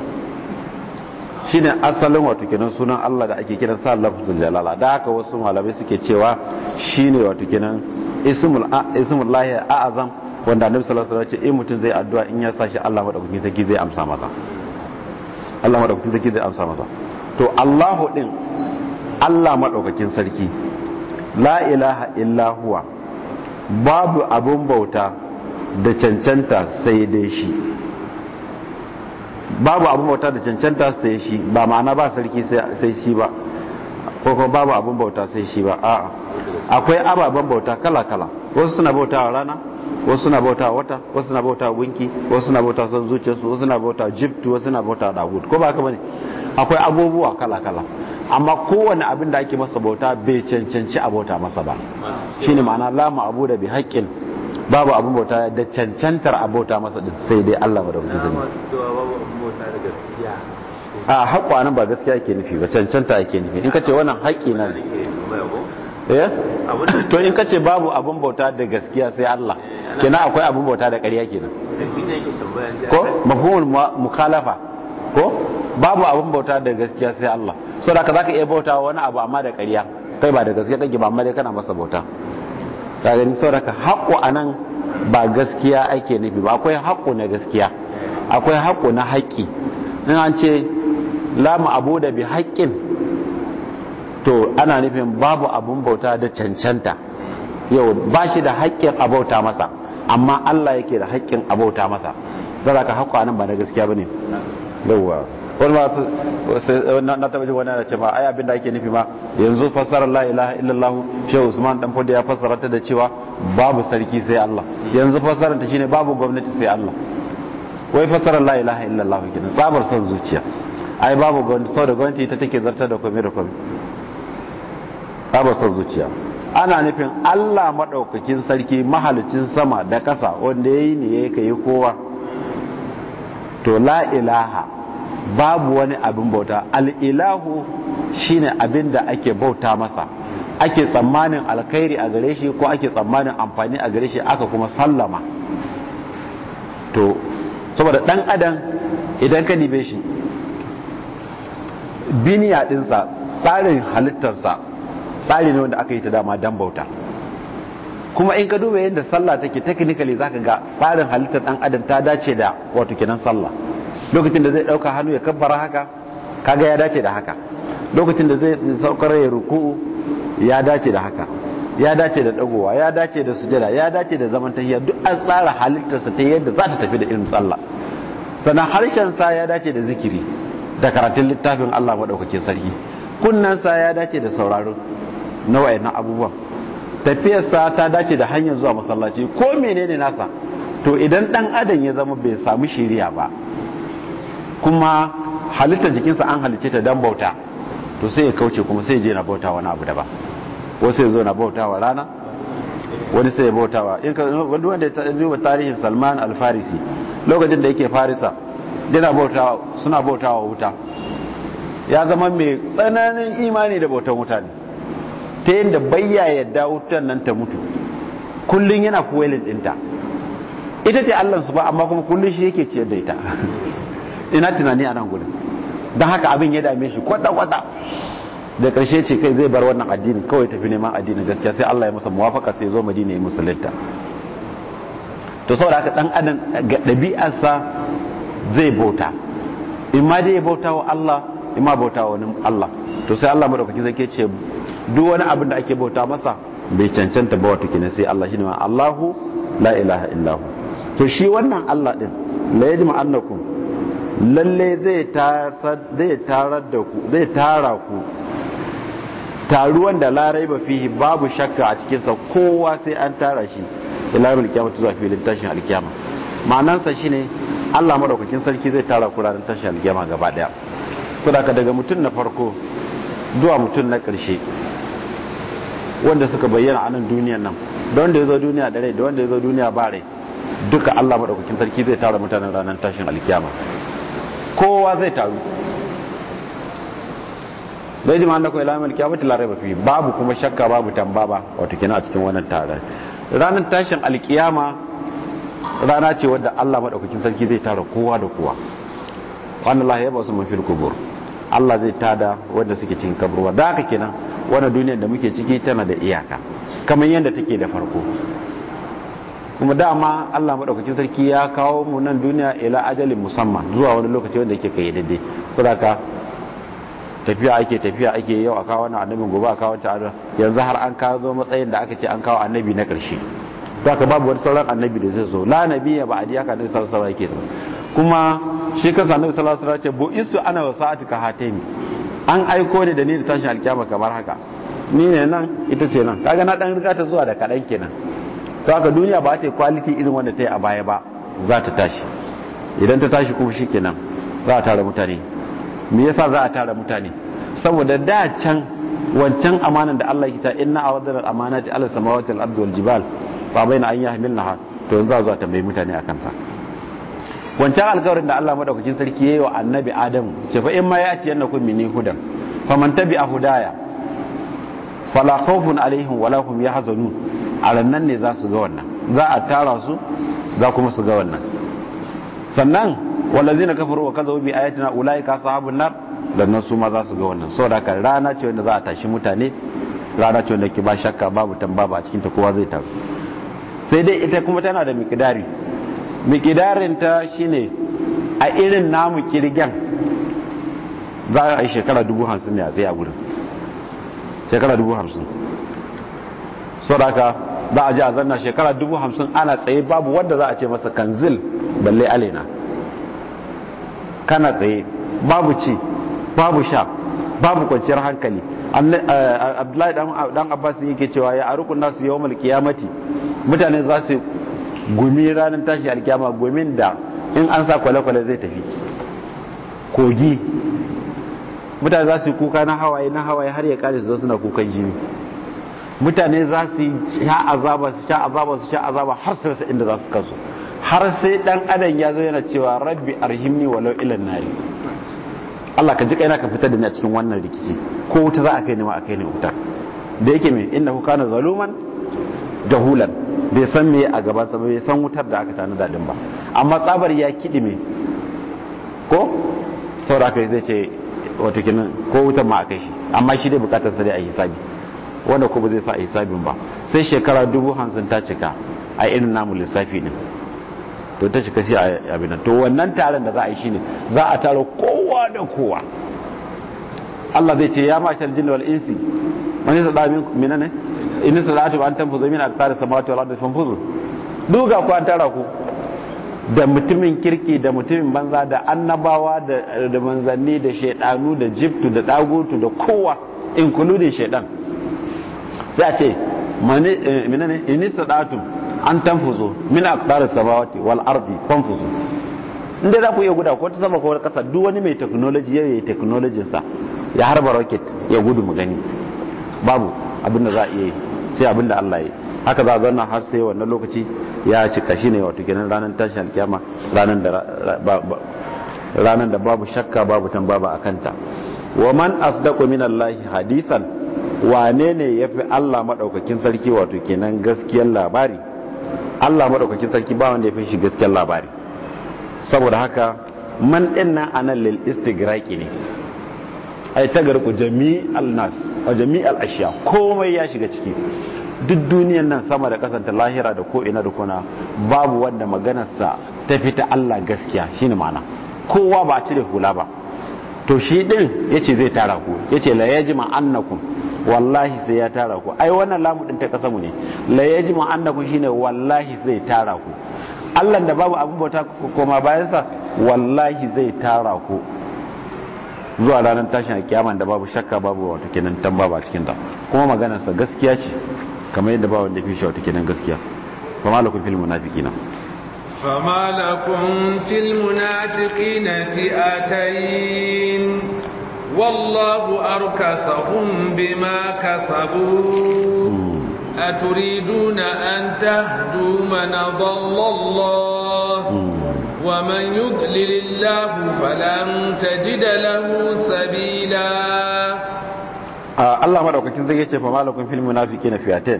shine asalin wato kenan sunan Allah da ake kiran sa lafzul jalala da haka wasu malamai suke cewa shine wato kenan ismul ismul lahi a'azam wanda annabi sallallahu alaihi wasallam ya ce in mutum zai addu'a in ya sashi Allah madaukakin sarki zai amsa masa Allah madaukakin sarki zai amsa masa to Allahu din Allah madaukakin sarki la ilaha illa huwa babu abun bauta da cancanta sai dai shi babu abin bauta da cancanta sai shi ba ma'ana ba sarki sai shi ba ko kuma babu abin bauta sai shi ba a'a akwai ababen bauta kala kala wasu suna bauta a rana wasu suna bauta wata wasu suna bauta gunki wasu suna bauta son zuciyarsu wasu suna bauta jiftu wasu suna bauta dawud ko ba haka bane akwai abubuwa kala kala amma kowane abin da ake masa bauta bai cancanci a bauta masa ba shine ma'ana la ma'budu bi haqqin babu abin bauta da cancantar abota masa din sai dai Allah da wuce zai a haƙwa nan ba gaskiya ke nufi ba cancanta ke nufi in kace wannan haƙi nan eh to in kace babu abin bauta da gaskiya sai Allah kenan akwai abin bauta da ƙarya kenan ko mafhumul mukhalafa ko babu abin bauta da gaskiya sai Allah saboda ka zaka iya bauta wani abu amma da ƙarya kai ba da gaskiya kake ba amma dai kana masa bauta ka gani sauraka haƙo a nan ba gaskiya ake nufi ba akwai haƙo na gaskiya akwai haƙo na haƙƙi in an ce lamu abu da bi haƙƙin to ana nufin babu abun bauta da cancanta yau ba shi da haƙƙin abauta masa amma allah yake da haƙƙin abauta masa zara ka haƙo a nan ba na gaskiya ba ne yauwa wani masu na taɓa ji wani da ce ma ai abin da ake nufi ma yanzu fassarar la ilaha illallah shehu usman dan fodi ya fassara ta da cewa babu sarki sai Allah yanzu fassarar ta shine babu gwamnati sai Allah wai fassarar la ilaha illallah kenan tsabar son zuciya ai babu gwamnati da gwamnati ta take zartar da komai da komai tsabar son zuciya ana nufin Allah madaukakin sarki mahalicin sama da ƙasa wanda yayi ne yayi kai kowa to la ilaha babu wani abin bauta al'ilahu shine abin da ake bauta masa ake tsammanin alkhairi a gare shi ko ake tsammanin amfani a gare shi aka kuma sallama to saboda dan adam idan ka nibe shi biniya dinsa tsarin halittarsa tsari ne wanda aka yi ta dama dan bauta kuma in ka duba yadda sallah take technically zaka ga tsarin halittar dan adam ta dace da wato kenan sallah lokacin da zai dauka hannu ya kabbara haka kaga ya dace da haka lokacin da zai saukar ya ruku ya dace da haka ya dace da dagowa ya dace da sujada ya dace da zaman tahiyya duk an tsara halittarsa ta yadda za ta tafi da ilmin sallah sannan harshen sa ya dace da zikiri da karatun littafin Allah madaukakin sarki kunnan sa ya dace da sauraro na wayannan abubuwan tafiyar sa ta dace da hanyar zuwa masallaci ko menene nasa to idan dan adam ya zama bai samu shiriya ba kuma halittar jikinsa an halice ta dan bauta to sai ya kauce kuma sai ya je na bauta wani abu daban wasu ya zo na bauta wa rana wani sai ya bauta wa wani wanda ya duba tarihin salman alfarisi lokacin da yake farisa suna bauta wa wuta ya zama mai tsananin imani da bautan wuta ne ta yadda bayya yadda wutan nan ta mutu kullum yana fuwelin dinta ita ce allansu ba amma kuma kullum shi yake ciyar da ita <laughs> ina tunani a nan gudun don haka abin ya dame shi kwata-kwata da karshe ce kai zai bar wannan addini kawai tafi neman addini gaskiya sai Allah ya masa muwafaka sai zo madina ya musulunta to saboda haka dan adam ga ɗabi'arsa zai bauta in ma dai ya bauta wa Allah in ma bauta wa wani Allah to sai Allah madaukaki zai ce duk wani abin da ake bauta masa bai cancanta ba wato kina sai Allah shine ma Allahu la ilaha illahu to shi wannan Allah din la yajma'annakum lalle zai tarar da ku zai tara ku taruwan da larai ba fi babu shakka a cikinsa kowa sai an tara shi ilayen alkiyama tuzo filin tashin alkyama ma'anansa shi ne allah maɗaukakin sarki zai tara ku ranar tashin alkyama gaba ɗaya sadaka daga mutum na farko zuwa mutum na ƙarshe wanda suka bayyana anan duniyan nan da wanda ya zo duniya da rai da wanda ya zo duniya ba rai duka allah maɗaukakin sarki zai tara mutanen ranar tashin alkyama kowa zai taru zai ji ma'an da kuma ilamin larai mafi babu kuma shakka babu tambaba wato kina a cikin wannan tare ranar tashin alkiyama rana ce wadda allah maɗaukakin sarki zai tara kowa da kowa wannan lahi ya ba su mafi kubur allah zai tada wadda suke cikin kaburwa da haka kina wannan duniyar da muke ciki tana da iyaka kamar yadda take da farko kuma dama Allah madaukakin sarki ya kawo mu nan duniya ila ajalin musamman zuwa wani lokaci wanda yake kai daidai saboda tafiya ake tafiya ake yau a kawo wannan annabin gobe a kawo ado yanzu har an kawo matsayin da aka ce an kawo annabi na ƙarshe da ka babu wani sauran annabi da zai zo la nabi ya ba'adi haka annabi sallallahu alaihi wasallam yake zo kuma shi kansa annabi sallallahu alaihi wasallam ce bu istu ana wa sa'ati ka hataini an aiko ne da ni da tashin alkiyama kamar haka ni ne nan ita ce nan kaga na dan riga ta zuwa da kadan kenan to haka duniya ba ta yi kwaliti irin wanda ta yi a baya ba za ta tashi idan ta tashi kuma shi kenan za a tara mutane me yasa za a tara mutane saboda da can wancan amanan da Allah ya ta inna wadannan amana da Allah sama wata al'adduwar jibal bai na an ha to yanzu za a tambayi mutane a kansa. wancan alƙawarin da Allah madaukakin sarki ya yi wa annabi Adam ce fa in ma yati kun mini hudan faman a hudaya fala khawfun alaihim wala hum yahzanun a rannan ne za su ga wannan za a tara su za kuma su ga wannan sannan wallazina kafaru wa kazabu bi ayatina ka ashabun nar dan su ma za su ga wannan saboda ka rana ce wanda za a tashi mutane rana ce wanda ke ba shakka babu tamba ba a cikin ta kowa zai taru sai dai ita kuma tana da mikidari mikidarin ta shine a irin namu kirgen za a yi shekara dubu hamsin ne a tsaye a gudun shekara dubu hamsin saboda za a ji a zanna shekara dubu hamsin ana tsaye babu wanda za a ce masa kanzil balle alena kana tsaye babu ci babu sha babu kwanciyar hankali eh, abdullahi dan abbas yake cewa ya arukun nasu yawmal mati mutane za su gumi ranar tashi alkiyama gumin da in an sa kwale-kwale zai tafi kogi mutane za su yi kuka na hawaye na hawaye har ya kare su zo suna kukan jini mutane za su sha azaba su sha azaba su sha azaba har su rasa inda za su kasu har sai dan adam ya zo yana cewa rabbi arhimni walau ilan nari Allah ka ji kaina ka fitar da ni a cikin wannan rikici ko wuta za a kai ni ma a kai ni wuta da yake me innahu kana zaluman jahulan bai san me a gaban sa bai san wutar da aka tana dadin ba amma tsabar ya kidi me ko saboda kai zai ce wato kenan ko wutar ma a kai shi amma shi dai bukatar sa dai a hisabi wanda ko zai sa a hisabin ba sai shekara dubu hamsin ta cika a irin namu lissafi ne to ta cika sai a abin to wannan taron da za a yi shine za a taro kowa da kowa Allah zai ce ya mashal jinni wal insi man yasda min ne in salatu an tanfuzu min aktsari samawati wal ardi fanfuzu duga ku an tara ku da mutumin kirki da mutumin banza da annabawa da manzanni da shaidanu da jiftu da dagutu da kowa including shaidan sai a ce eh, menene sadatu an tanfuzo min aqdar samawati wal ardi tanfuzo inda za ku iya guda ko ta sama ko kasa duk wani mai technology ya yi technology sa ya harba rocket ya gudu mu gani babu abinda za a iya yi sai abinda Allah ya haka za a zanna har sai wannan lokaci ya cika shi ne wato kenan ranar tashin alkiyama ranar da ranar da babu shakka babu tambaba a kanta wa man asdaqu min Allah hadithan wane ne ya fi Allah maɗaukakin sarki wato kenan gaskiyar labari Allah maɗaukakin sarki ba wanda ya fi shi gaskiyar labari saboda haka man ɗin nan a nan lil ne ai ta garku jami'al nas a jami'al ashiya komai ya shiga ciki duk duniyan nan sama da kasanta lahira da ko'ina da kuna babu wanda maganarsa ta fita Allah gaskiya shine ma'ana kowa ba a cire hula ba to shi din ce zai tara ku Ya ce la yajma ma'annakun wallahi sai ya tara ku ai wannan lamu din ta mu ne la yajma annakum shine wallahi zai tara ku Allah da babu abun bauta koma bayan sa wallahi zai tara ku zuwa ranar tashin kiyama da babu shakka babu wata kinan tamba ba cikin ta kuma maganarsa gaskiya ce kamar yadda ba wanda fi shi wata kinan gaskiya fa malakum fil munafiqina فما لكم في المنافقين والله أركسهم بما كسبوا أتريدون أن تهدوا من ضل الله ومن يضلل الله فلن تجد له سبيلا Allah madaukakin zai yace fa malakum fil munafiqina fi'atain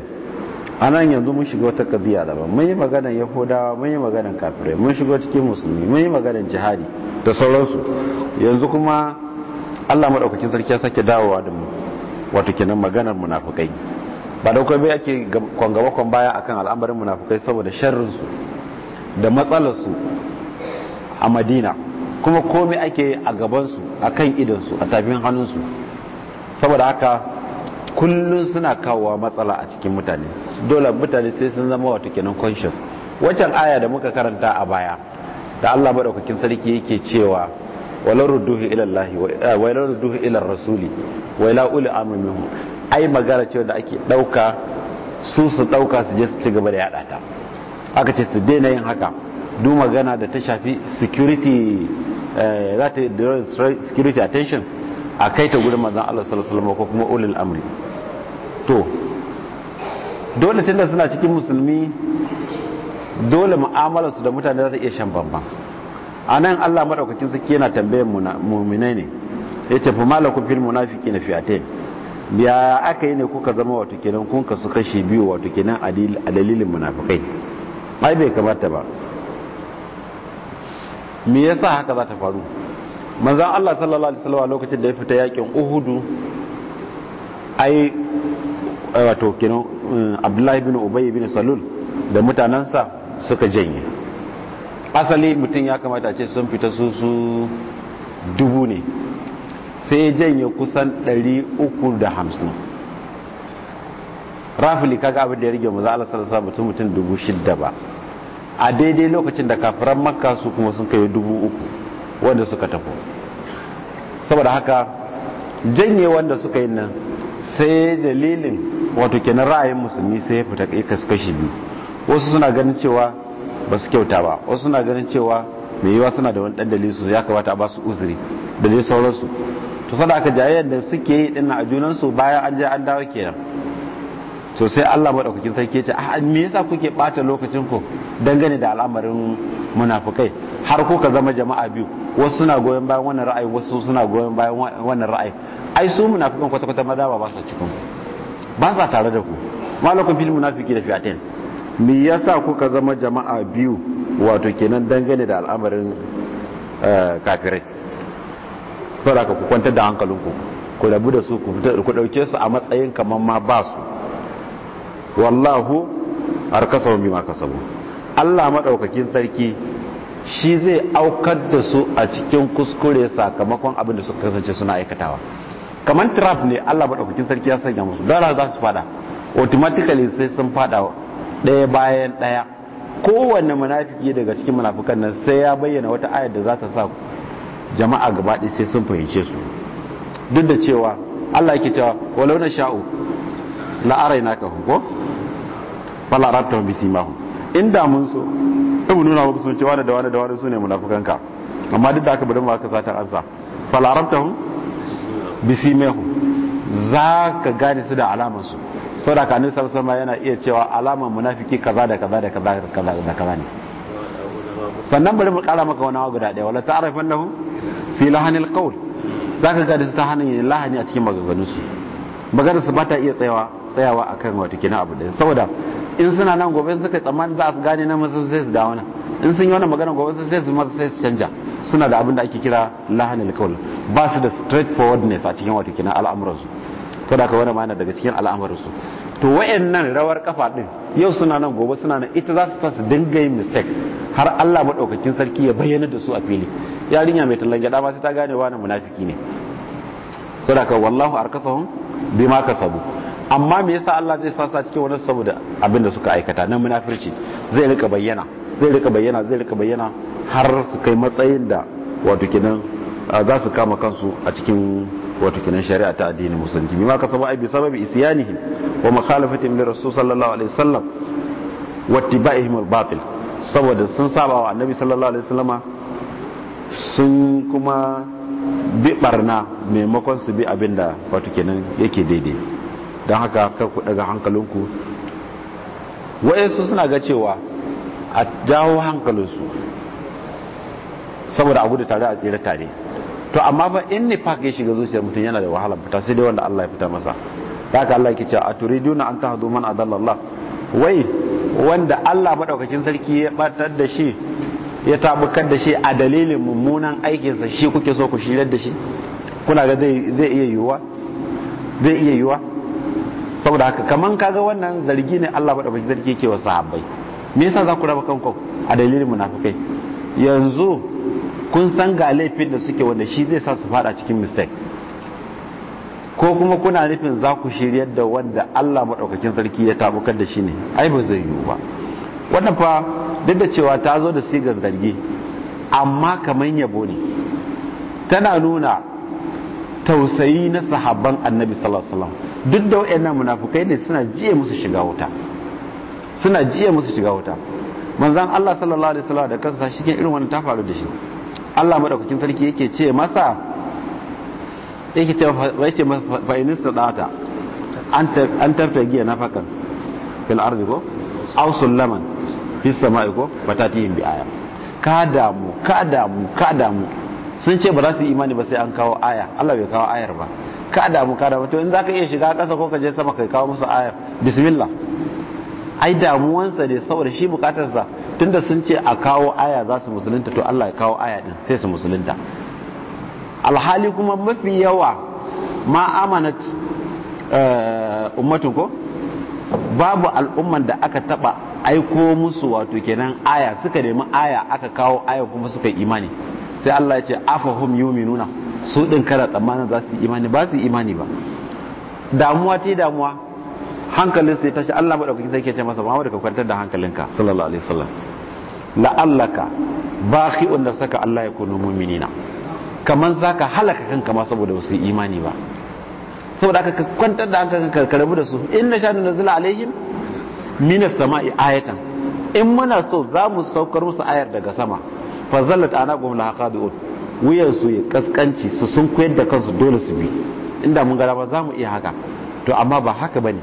anan yanzu mun shiga wata kabiya daban mun yi maganar yahudawa mun yi maganar kafirai mun shigo cikin musulmi mun yi maganar jihadi da sauransu yanzu kuma Allah madaukakin sarki ya sake dawowa da mu wato kenan maganar munafukai ba da kuma ake kwangaba kwan baya akan al'amarin munafukai saboda su da matsalarsu a madina kuma komai ake a gabansu akan kan su a tafin su saboda haka kullum suna kawowa matsala a cikin mutane dole mutane sai sun zama wato kenan conscious Wancan aya da muka karanta a baya da Allah madaukakin sarki yake cewa walau rudduhu ila Allah eh, walau rudduhu ila rasuli wala uli amri minhum ai magana cewa da ake dauka su su dauka su je su ci gaba da yada ta aka ce su daina yin haka duk magana da ta shafi security eh, za ta security attention a kai ta gudun manzon Allah sallallahu alaihi ko kuma ulil amri to dole tunda suna cikin musulmi dole su da mutane za ta iya shan bambam a nan allah maɗaukacin suke yana tambayar muminai ne ya ce fi malakun fil munafiki na ya aka yi ne kuka zama wato kenan kun su kashe biyu wato kenan a dalilin munafikai ai bai kamata ba me yasa haka za ta faru manzan allah sallallahu alaihi wasallam lokacin da ya fita yakin uhudu ai wato kenan eh, abdullahi bin ubay bin salul da mutanansa suka janye asali mutum ya kamata ce sun fita su su dubu ne sai janye kusan 350 rafili kaga abin da ya rige maza alasar sa mutum mutum dubu shidda ba a daidai lokacin da kafiran makka su kuma sun kai dubu uku wanda suka tafi saboda haka janye wanda suka yi nan sai dalilin wato kenan ra'ayin musulmi sai ya fita kashi biyu wasu suna ganin cewa ba su kyauta ba wasu suna ganin cewa mai yiwa suna da wani dan dalili su ya kamata a ba su uzuri da dai sauransu to sada aka jayayyar da suke yi dinnan a junan su bayan an je an dawo kenan to sai Allah madaukakin sarki ce a me yasa kuke bata lokacin ku dangane da al'amarin munafikai har kuka zama jama'a biyu wasu suna goyon bayan wannan ra'ayi wasu suna goyon bayan wannan ra'ayi ai su munafikan kwata-kwata maza ba ba su cikin ba sa tare da ku malakun fil munafiki da fi'atain me yasa kuka zama jama'a biyu wato kenan dangane da al'amarin eh, kafirai saboda ku kwantar da hankalinku ku rabu da su ku dauke su a matsayin kamar ma ba su wallahu har arkasau ma kasabu Allah madaukakin sarki shi zai aukar da su a cikin kuskure sakamakon abin da suka kasance suna aikatawa kamar trap ne Allah madaukakin sarki ya sanya musu dara za su fada automatically sai sun fada ɗaya bayan ɗaya kowanne munafiki daga cikin munafikan nan sai ya bayyana wata ayar da za ta sa jama'a gaba ɗaya sai sun fahimce su duk da cewa Allah yake cewa walau na sha'u la araina ka ko fala arabta bisi mahu inda mun so ta mu nuna muku sun cewa da wani da wani ne munafikan ka amma duk da haka bari mu aka satan azza fala arabta bisi mahu za ka gane su da alamansu to da kanin sarsama yana iya cewa alamar munafiki kaza da kaza da kaza da kaza da kaza ne sannan bari mu kara maka wani guda daya wala ta'rifan lahu fi lahanil qawl zaka ga da su ta hanin lahani a cikin maganganun su maganar su bata iya tsayawa tsayawa akan wato kina abu da saboda in suna nan gobe suka tsammani za su gane na masu sai su dawo nan in sun yi wannan magana gobe sai su masu sai su canja suna da abin da ake kira lahanil qawl ba su da straightforwardness a cikin wato kina al'amuransu to ka wani mana daga cikin al'amarinsu to wayannan rawar kafa din yau suna nan gobe suna nan ita za su sa su dinga yin mistake har Allah madaukakin sarki ya bayyana da su a fili yarinya mai tallan gyada ma sai ta gane wani munafiki ne to ka wallahu arkasahum bima kasabu amma me yasa Allah zai sa sa cikin wani saboda abin da suka aikata nan munafirci zai rika bayyana zai rika bayyana zai rika bayyana har su kai matsayin da wato kenan za su kama kansu a cikin wato shari'a ta addinin musulunci bima ka saba bi sababi isyanihim wa mukhalafatihim li rasul sallallahu alaihi wasallam wa tibaihim al-batil saboda sun saba wa annabi sallallahu alaihi wasallama sun kuma bi barna maimakon su bi abinda wato kinan yake daidai don haka kar ku daga hankalinku wa'yansu suna ga cewa a jawo hankalinsu saboda a da tare a tsere tare to amma ba in fa ya shiga zuciyar mutum yana da wahala fita sai dai wanda Allah ya fita masa Da ka Allah yake cewa aturiduna an tahdu man adalla Allah wai wanda Allah madaukakin sarki ya batar da shi ya tabukar da shi a dalilin mummunan aikinsa shi kuke so ku shirar da shi kuna ga zai iya yiwuwa zai iya yiwuwa saboda haka kaman kaga wannan zargi ne Allah madaukakin sarki yake wa sahabbai me yasa za ku raba kanku a dalilin munafikai yanzu kun san ga laifin da suke wanda shi zai sa su fada cikin mistake ko kuma kuna nufin za ku shiryar da wanda Allah maɗaukakin sarki ya tabukar da shi ne ai ba zai yiwu ba wannan fa duk da cewa ta zo da sigar zargi amma kamar yabo ne tana nuna tausayi na sahabban annabi sallallahu alaihi wasallam duk da wayannan munafukai ne suna jiye musu shiga wuta suna jiye musu shiga wuta manzon Allah sallallahu alaihi wasallam da kansa shi ke irin wannan ta faru da shi Allah madaukakin sarki yake ce masa yake ce yake fa'inin sadata an an na nafakan fil ardi ko aw sulaman fis sama'i ko fatatihim bi aya ka damu ka damu ka damu sun ce ba za su yi imani ba sai an kawo aya Allah bai kawo ayar ba ka damu ka damu to in zaka iya shiga kasa ko ka je sama kai kawo musu ayar bismillah ai damuwansa ne saboda shi bukatarsa tunda sun ce a kawo aya za su musulunta to Allah ya kawo aya din sai su musulunta alhali kuma mafi yawa ma amanat eh, ummatu babu al'umman da aka taba aiko musu wato kenan aya suka nemi aya aka kawo aya kuma suka imani sai Allah ya ce afahum yuminuna su din kara tsammanin za su imani ba su imani ba damuwa ta damuwa hankalin sai tashi Allah madaukakin sai ke ce masa Muhammad ka kwantar da hankalinka sallallahu alaihi wasallam la'allaka bakhi'un nafsaka Allah ya kunu mu'minina kaman zaka halaka kanka ma saboda wasu imani ba saboda aka kwantar da hankalinka ka rabu da su inna shanu nazala alaihim minas sama'i ayatan in muna so za mu saukar musu ayar daga sama fa zallat anaqum la haqadun wuyan su ya kaskanci su sun koyar da kansu dole su bi inda mun gara ba za mu iya haka to amma ba haka bane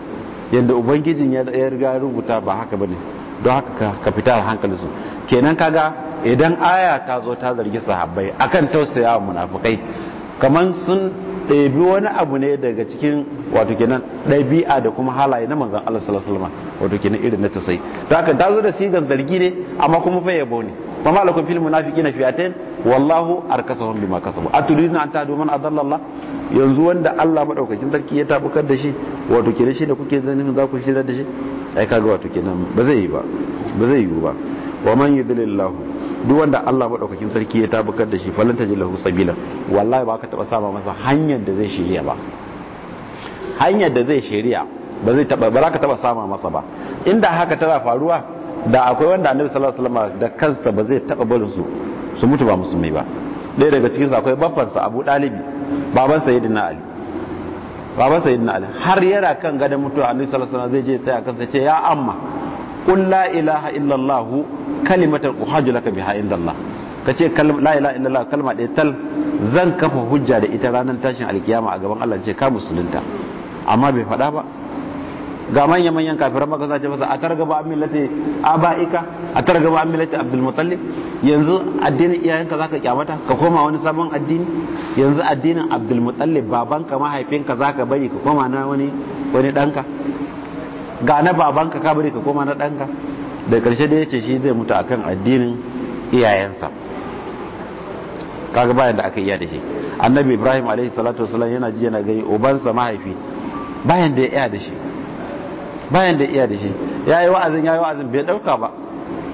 yadda ubangijin ya riga rubuta ba haka bane don haka ka fita hankalinsu kenan kaga idan aya ta zo ta zargi sahabbai akan tausaya wa munafukai kamar sun ɗabi wani abu ne daga cikin wato kenan ɗabi'a da kuma halaye na manzan Allah sallallahu wato kenan irin na tausayi don haka ta zo da sigan zargi ne amma kuma fa yabo ne wa ma lakum fil munafiqina fi'atain wallahu arkasahum bima kasabu aturiduna an tahdu man adalla yanzu wanda Allah madaukakin sarki ya tabukar da shi wato kenan shi da kuke zanin za ku shirar da shi ai kaga wato kenan ba zai yi ba ba zai yi ba wa man yudlilillahu duk wanda Allah madaukakin sarki ya tabbatar da shi falan taji lahu sabila wallahi ba ka taba sama masa hanyar da zai shirya ba hanyar da zai shiriya ba zai taba ba ka taba sama masa ba inda haka tana faruwa da akwai wanda annabi sallallahu alaihi wasallam da kansa ba zai taba barin su su mutu ba musulmi ba ɗaya daga cikin sa akwai babban sa Abu Dalibi baban sayyidina Ali baban sayyidina Ali har yana kan gadon mutuwa annabi sallallahu alaihi wasallam zai je tsaya kansa ce ya amma qul la ilaha illallah kalimatan uhajju laka biha indallah ka ce la ilaha illallah kalma ɗaya tal zan kafa hujja da ita ranar tashin alkiyama a gaban Allah ce ka musulunta amma bai faɗa ba ga manyan manyan kafiran maka zace masa a targaba an millati abaika a targaba an millati abdul yanzu addinin iyayenka za ka kyamata ka koma wani sabon addini yanzu addinin abdul babanka mahaifinka za ka bari ka koma na wani wani danka ga na babanka ka bari ka koma na danka da karshe da yace shi zai mutu akan addinin iyayensa kaga bayan da aka iya da shi annabi ibrahim alaihi salatu wasallam yana ji yana gani ubansa mahaifi bayan da ya iya da shi bayan da iya da shi ya yi wa'azin ya yi wa'azin bai ɗauka ba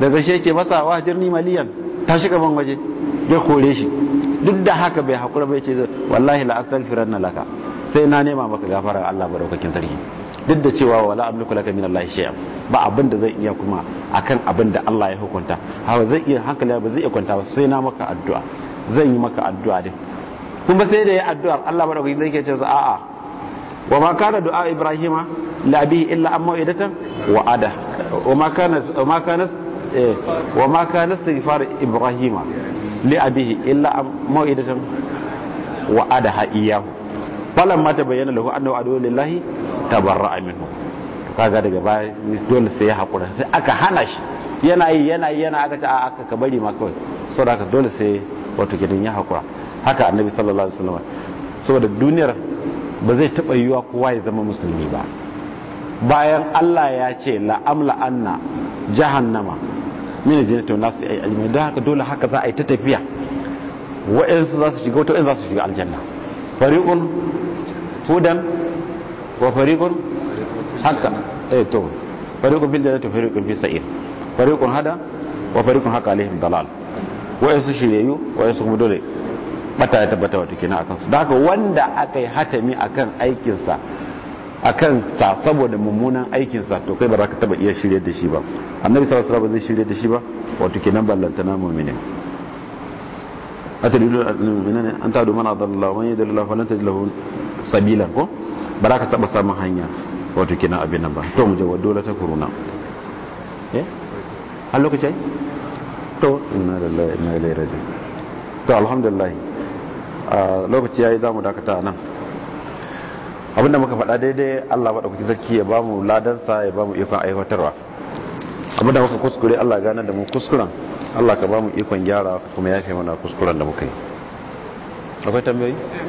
daga shi yake masa wa jirni maliyan ta shiga ban waje ya kore shi duk da haka bai haƙura bai ce wallahi la'asar firar na laka sai na nema maka gafara Allah ba daukakin sarki duk da cewa wala abin kula min Allah shay'an ba abin da zai iya kuma akan abin da Allah ya hukunta hawa zai iya hankali ba zai iya kwanta ba sai na maka addu'a zan yi maka addu'a din kuma sai da ya addu'a Allah ba daukakin sarki ya ce a'a wa ma kana du'a ibrahima la abihi illa amma idatan wa ada wa ma kana wa ma kana eh, wa ma kana ibrahima li abihi illa amma idatan wa ada ha lahu annahu adu lillahi minhu kaga daga baya dole sai ya hakura sai aka hana shi yana yi yana yi yana aka ta aka ka bari ma kawai saboda haka dole sai wato gidan ya hakura haka annabi sallallahu alaihi wasallam saboda duniyar ba zai taɓa yiwa kowa ya zama musulmi ba bayan allah ya ce la'amla anna jahannama mina jinatun nasu a ajiyar don haka dole haka za a yi ta tafiya wa'insu za su shiga wata wa'in za su shiga aljanna fariƙun hudan wa fariƙun haka eh to fariƙun bil jannati wa fi sa'ir fariƙun hada wa fariƙun haka alaihim dalal wa'insu shiryayyu wa'insu kuma dole bata ya tabbata wata kenan akan su da haka wanda aka yi hatami akan aikinsa akan sa saboda mummunan aikinsa to kai ba za ka taba iya shirye da shi ba annabi sallallahu alaihi wasallam zai shirye da shi ba wato kenan ballantana mu'minin atadilu mu'minin an ta man adalla man yadalla falan tajid lahu sabila ko ba za ka taba samun hanya wato kenan abin nan ba to mu jawo dole ta kuruna eh har lokacin to inna lillahi inna ilaihi raji'un to alhamdulillah a lokaci za mu dakata nan abinda muka faɗa daidai Allah madaukaki sarki ya bamu ladan sa ya bamu ikon aiwatarwa abinda muka kuskure Allah gane da mu kuskuren Allah ka bamu ikon gyara kuma yafe mana kuskuren da muka yi akwai tambayoyi